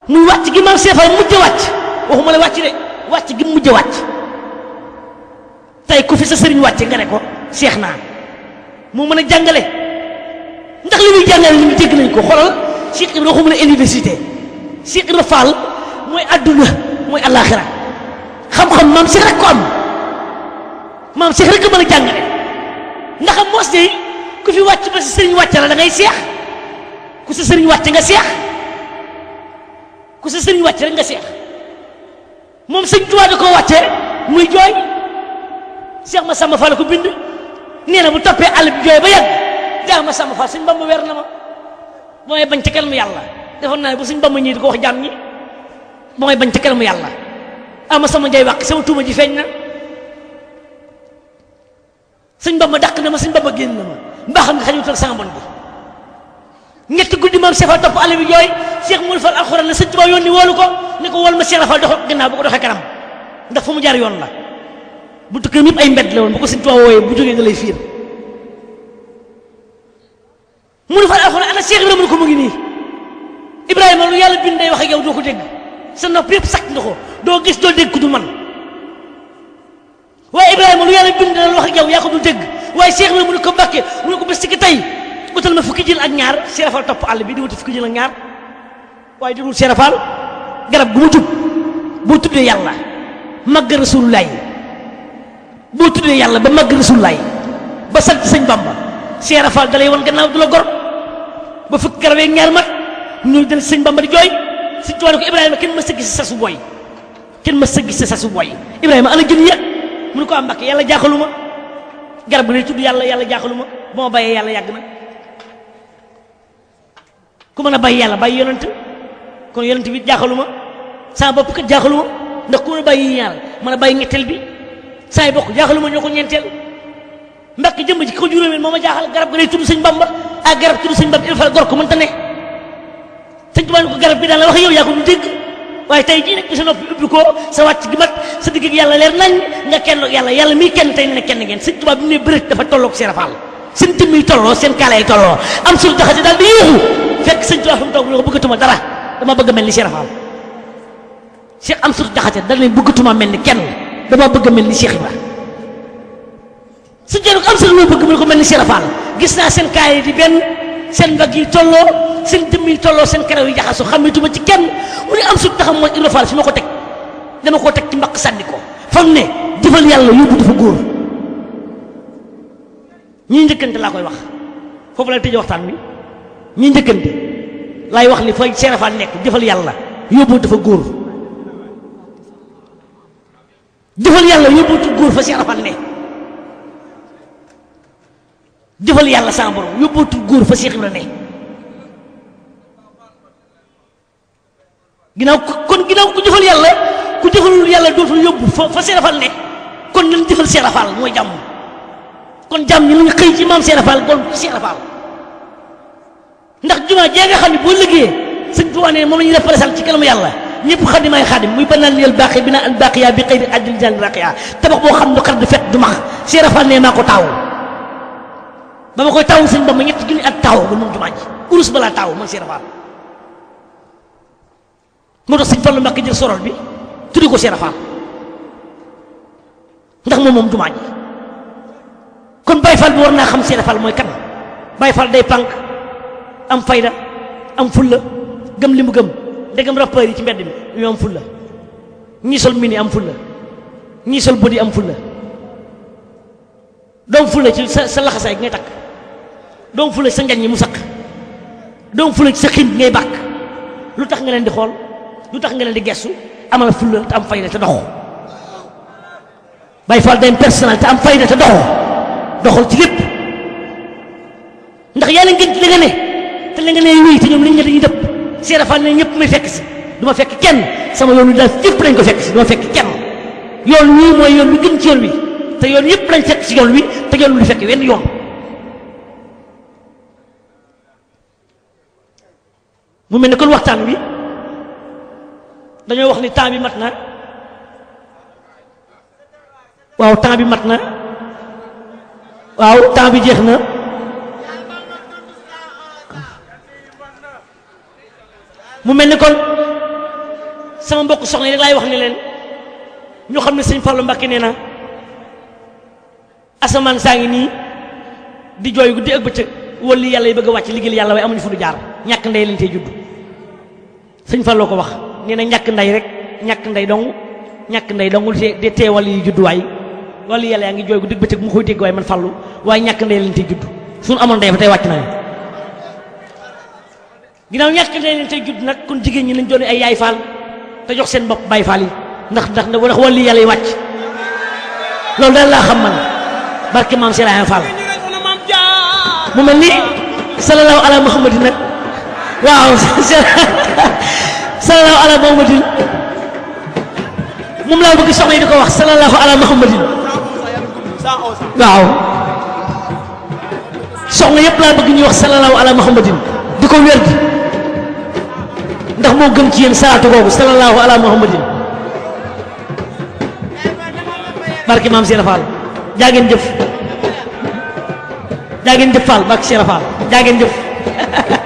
Speaker 1: muy wàcc gi maam seefal mujj wàcc waxuma la wàcc de wàcc gi mujj wàcc tey ku fi sa sëriñ wàcc nga ne ko seex naa moo mën a jàngale ndax li muy jàngale li mu dégg nañ ko xoolal Cheikh Ibra waxuma la université Cheikh Ibra Fall mooy àdduna mooy àllaaxira xam-xam maam Cheikh rek ko am maam Cheikh rek ko mën a jàngale ndax am mos de ku fi wàcc ba sa sëriñ wàcc la da ngay seex ku sa sëriñ wàcc nga seex ku sa sëriñ wàcc rek nga seex moom sëñ tuwa da koo wàcce muy jooy seex ma sàmm fal ko bind nee na bu toppee àll bi jooy ba yàgg jaax ma sàmm fal suñ bamba weer na ma ba may bañ ci kanamu yàlla defoon naa bu suñ bamba ñii di ko wax jaam ñi ba may bañ ci kanamu yàlla ama ah, sama njay wàq sama tuuma ji feeñ na suñ bamba dàq na ma suñ bamba génn na ma mbaa nga xajutal sama bon bi ñetti guddi maam Cheikh Fall topp àll bi jooy Cheikh Mourou Fall alxuraan la sëñ Tuubaa yónni woolu ko ni ko wol ma Cheikh Fall dox gannaaw bu ko doxee kanam ndax fu mu jaar yoon la bu tukkee yëpp ay mbedd la bu ko sëñ Tuubaa wooyee bu jógee nga lay fiir Mourou Fall alxuraan ana Cheikh Ibrahima ko mu ngi nii Ibrahima lu yàlla bindee wax ak yow doo ko dégg sa nopp yëpp sakk nga doo gis doo dégg ku du man waaye Ibrahima lu yàlla bindee wax ak yaa ko du dégg tey utal ma fukki jil ak ñaar serafal top all bi di wut fukki jil ak ñaar way di wut serafal garab gu mu jup bu tuddee yalla mag rasulullah bu tuddee yalla ba mag rasulullah ba sant señ bamba serafal dalay won gannaaw dula gor ba fukki garab ak ñaar mat ñu dal señ bamba di joy ci tuwaane ko ibrahima kenn ma sëgg ci sasu boy ken ma sëgg ci sasu boy ibrahim ala jinn ya mu ko am ah, mbàkke yalla jaxaluma garab gi lay tudd yalla yàlla jaaxaluma bu ma bàyyee ku mën baye yalla baye yonent kon yonent bi jaxaluma sa bop ke jaxaluma ndax ku baye a mana baye ngettel bi say bok jaxaluma ñoko ñentel ñeenteel mbakk jëmb ji ko juromel moma jaxal garab ga day tudd sëñ bamba a garab tuddu señ bamba il fal gor ko ta ne señ tubaa ko garab bi dal wax yow ya ko du dégg way tay ji nag ci sa noppi ubbi ko sa wacc gi mat sa digg yalla leer nañ nga kenn yalla yalla mi kenn tay ne kenn ngeen señ tubaa bi ne bërët dafa tolloog seen jëmm yi tolloo seen kaala yi tolloo am suñu taxati daal di yéexu fekk sëñ Tuubaa fa mu toog dama bëgg mel ni am suñu taxati daal bëggatuma mel kenn dama bëgg mel ni Cheikh Ibra sëñ Tuubaa am suñu loo ko mel ni Cheikh Ibra gis naa seen kaala yi di benn seen mbagg yi tolloo seen jëmm yi tolloo seen karaw yi jaxasoo xàmmeetuma ci kenn mu ne am suñu taxam mooy Ibra Fall fi ma ko teg dama koo teg ci mbaq sànni ko fam ne jëfal yàlla yóbbu dafa góor ñii njëkkante laa koy wax foofu la tëjee waxtaan wi ñii njëkkante lay wax ni fa seerafaan nekk jëfal yàlla yóbbu dafa góor yàlla yóbbu ci góor fa seerafaan ne yàlla sama borom yóbbootul góor fa Seex Ibra ne ginnaaw kon ginnaaw ku jëfal yàlla ku jëfalul yàlla dootul yóbbu fa fa ne kon nañ jëfal Seex mooy jàmm kon jam ñu ñu xey ci mam Cheikh rafal gol ci Cheikh rafal ndax juma je nga xamni bo liggé seug sëñ Tuubaa ne moom la ñuy représenté ci kanamu yàlla ñëpp xadimaay xadim muy banal liyal baqi bina al baqiya bi xëy al jal raqiya tabax bo xam xad xar du fet du max Cheikh rafal ne mako taw taawu koy taw seug ba ma ñett junni at taawu ba moom jumaa ji urus bala taw man Cheikh rafal mo do seug Fallu makki jël sorol bi tudiko ko Cheikh Fall ndax mom mom juma ji kon Baye Fall bi war naa xam Seere Fall mooy kan Baye Fall day pànk am fayda am fulla gëm li mu gëm ndegam rappeur yi ci mbedd mi ñoo am fulla ñii sol mini am fulla ñii sol body am fulla doom fulla ci sa sa laxasaay gi ngay takk doom fulla ci sa njañ yi mu saq doom fulla ci sa xiin bi ngay bàkk lu tax nga leen di xool lu tax nga leen di gestu amal fulla te am fayda te dox Baye Fall day personnel te am fayda te dox doxal ci lepp ndax yalla ngeen ci la nga ne te la nga ne wéy te ñoom lañ ne dañuy dëpp seera faal ne ñëpp may fekk ci duma fekk kenn sama yoonu da daal lañ ko fekk ci du fekk kenn yoon ñi moy yoon wi gën ci yoon wi te yoon yëpp lañ fekk ci yoon wi te yoon lu fekk wenn yoon mu melni ne kon waxtaan wi dañoo wax ni temps bi mat na waaw temps bi mat na waaw temps bi jeex na mu mel ni kon sama mbokk soxna yi rek laay wax ne leen ñu xam ne sëñ Fallou Mbacké nee na asamaan saa ngi nii di jooy guddi ak bëccëg wala yàlla yi bëgg a wàcc liggéeyal yàlla waaye amuñu fu du jaar ñàkk ndey lañ tey judd sëñ Fallou ko wax nee na ñàkk ndey rek ñàkk ndey dong ñàkk ndey dongul de teewal yi judduwaay wala yàlla yaa ngi jooy guddi bëccëg mu koy dégg waaye man fàllu waaye ñàkk ndey leen tey judd suñu amoon ndey ba tey wàcc na leen ginnaaw ñàkk ndey leen judd nag kon jigéen ñi nañ doon ay yaay faal te jox seen bopp baay faal yi ndax ndax ndax wala yàlla yi wàcc loolu daal laa xam man barke maam si faal mu mel ni sallallahu ala muhammadin nag waaw sallallahu ala muhammadin wax muhammadin waaw soxna yëpp laa bëgg ñuy wax sallallahu ala muhammadin di ko wér ndax moo gëm ci yéen salaatu boobu sallallahu ala muhammadin barke maam Cheikh Fall jaa ngeen jëf jaa ngeen jëf Fall barke Cheikh Fall jaa ngeen jëf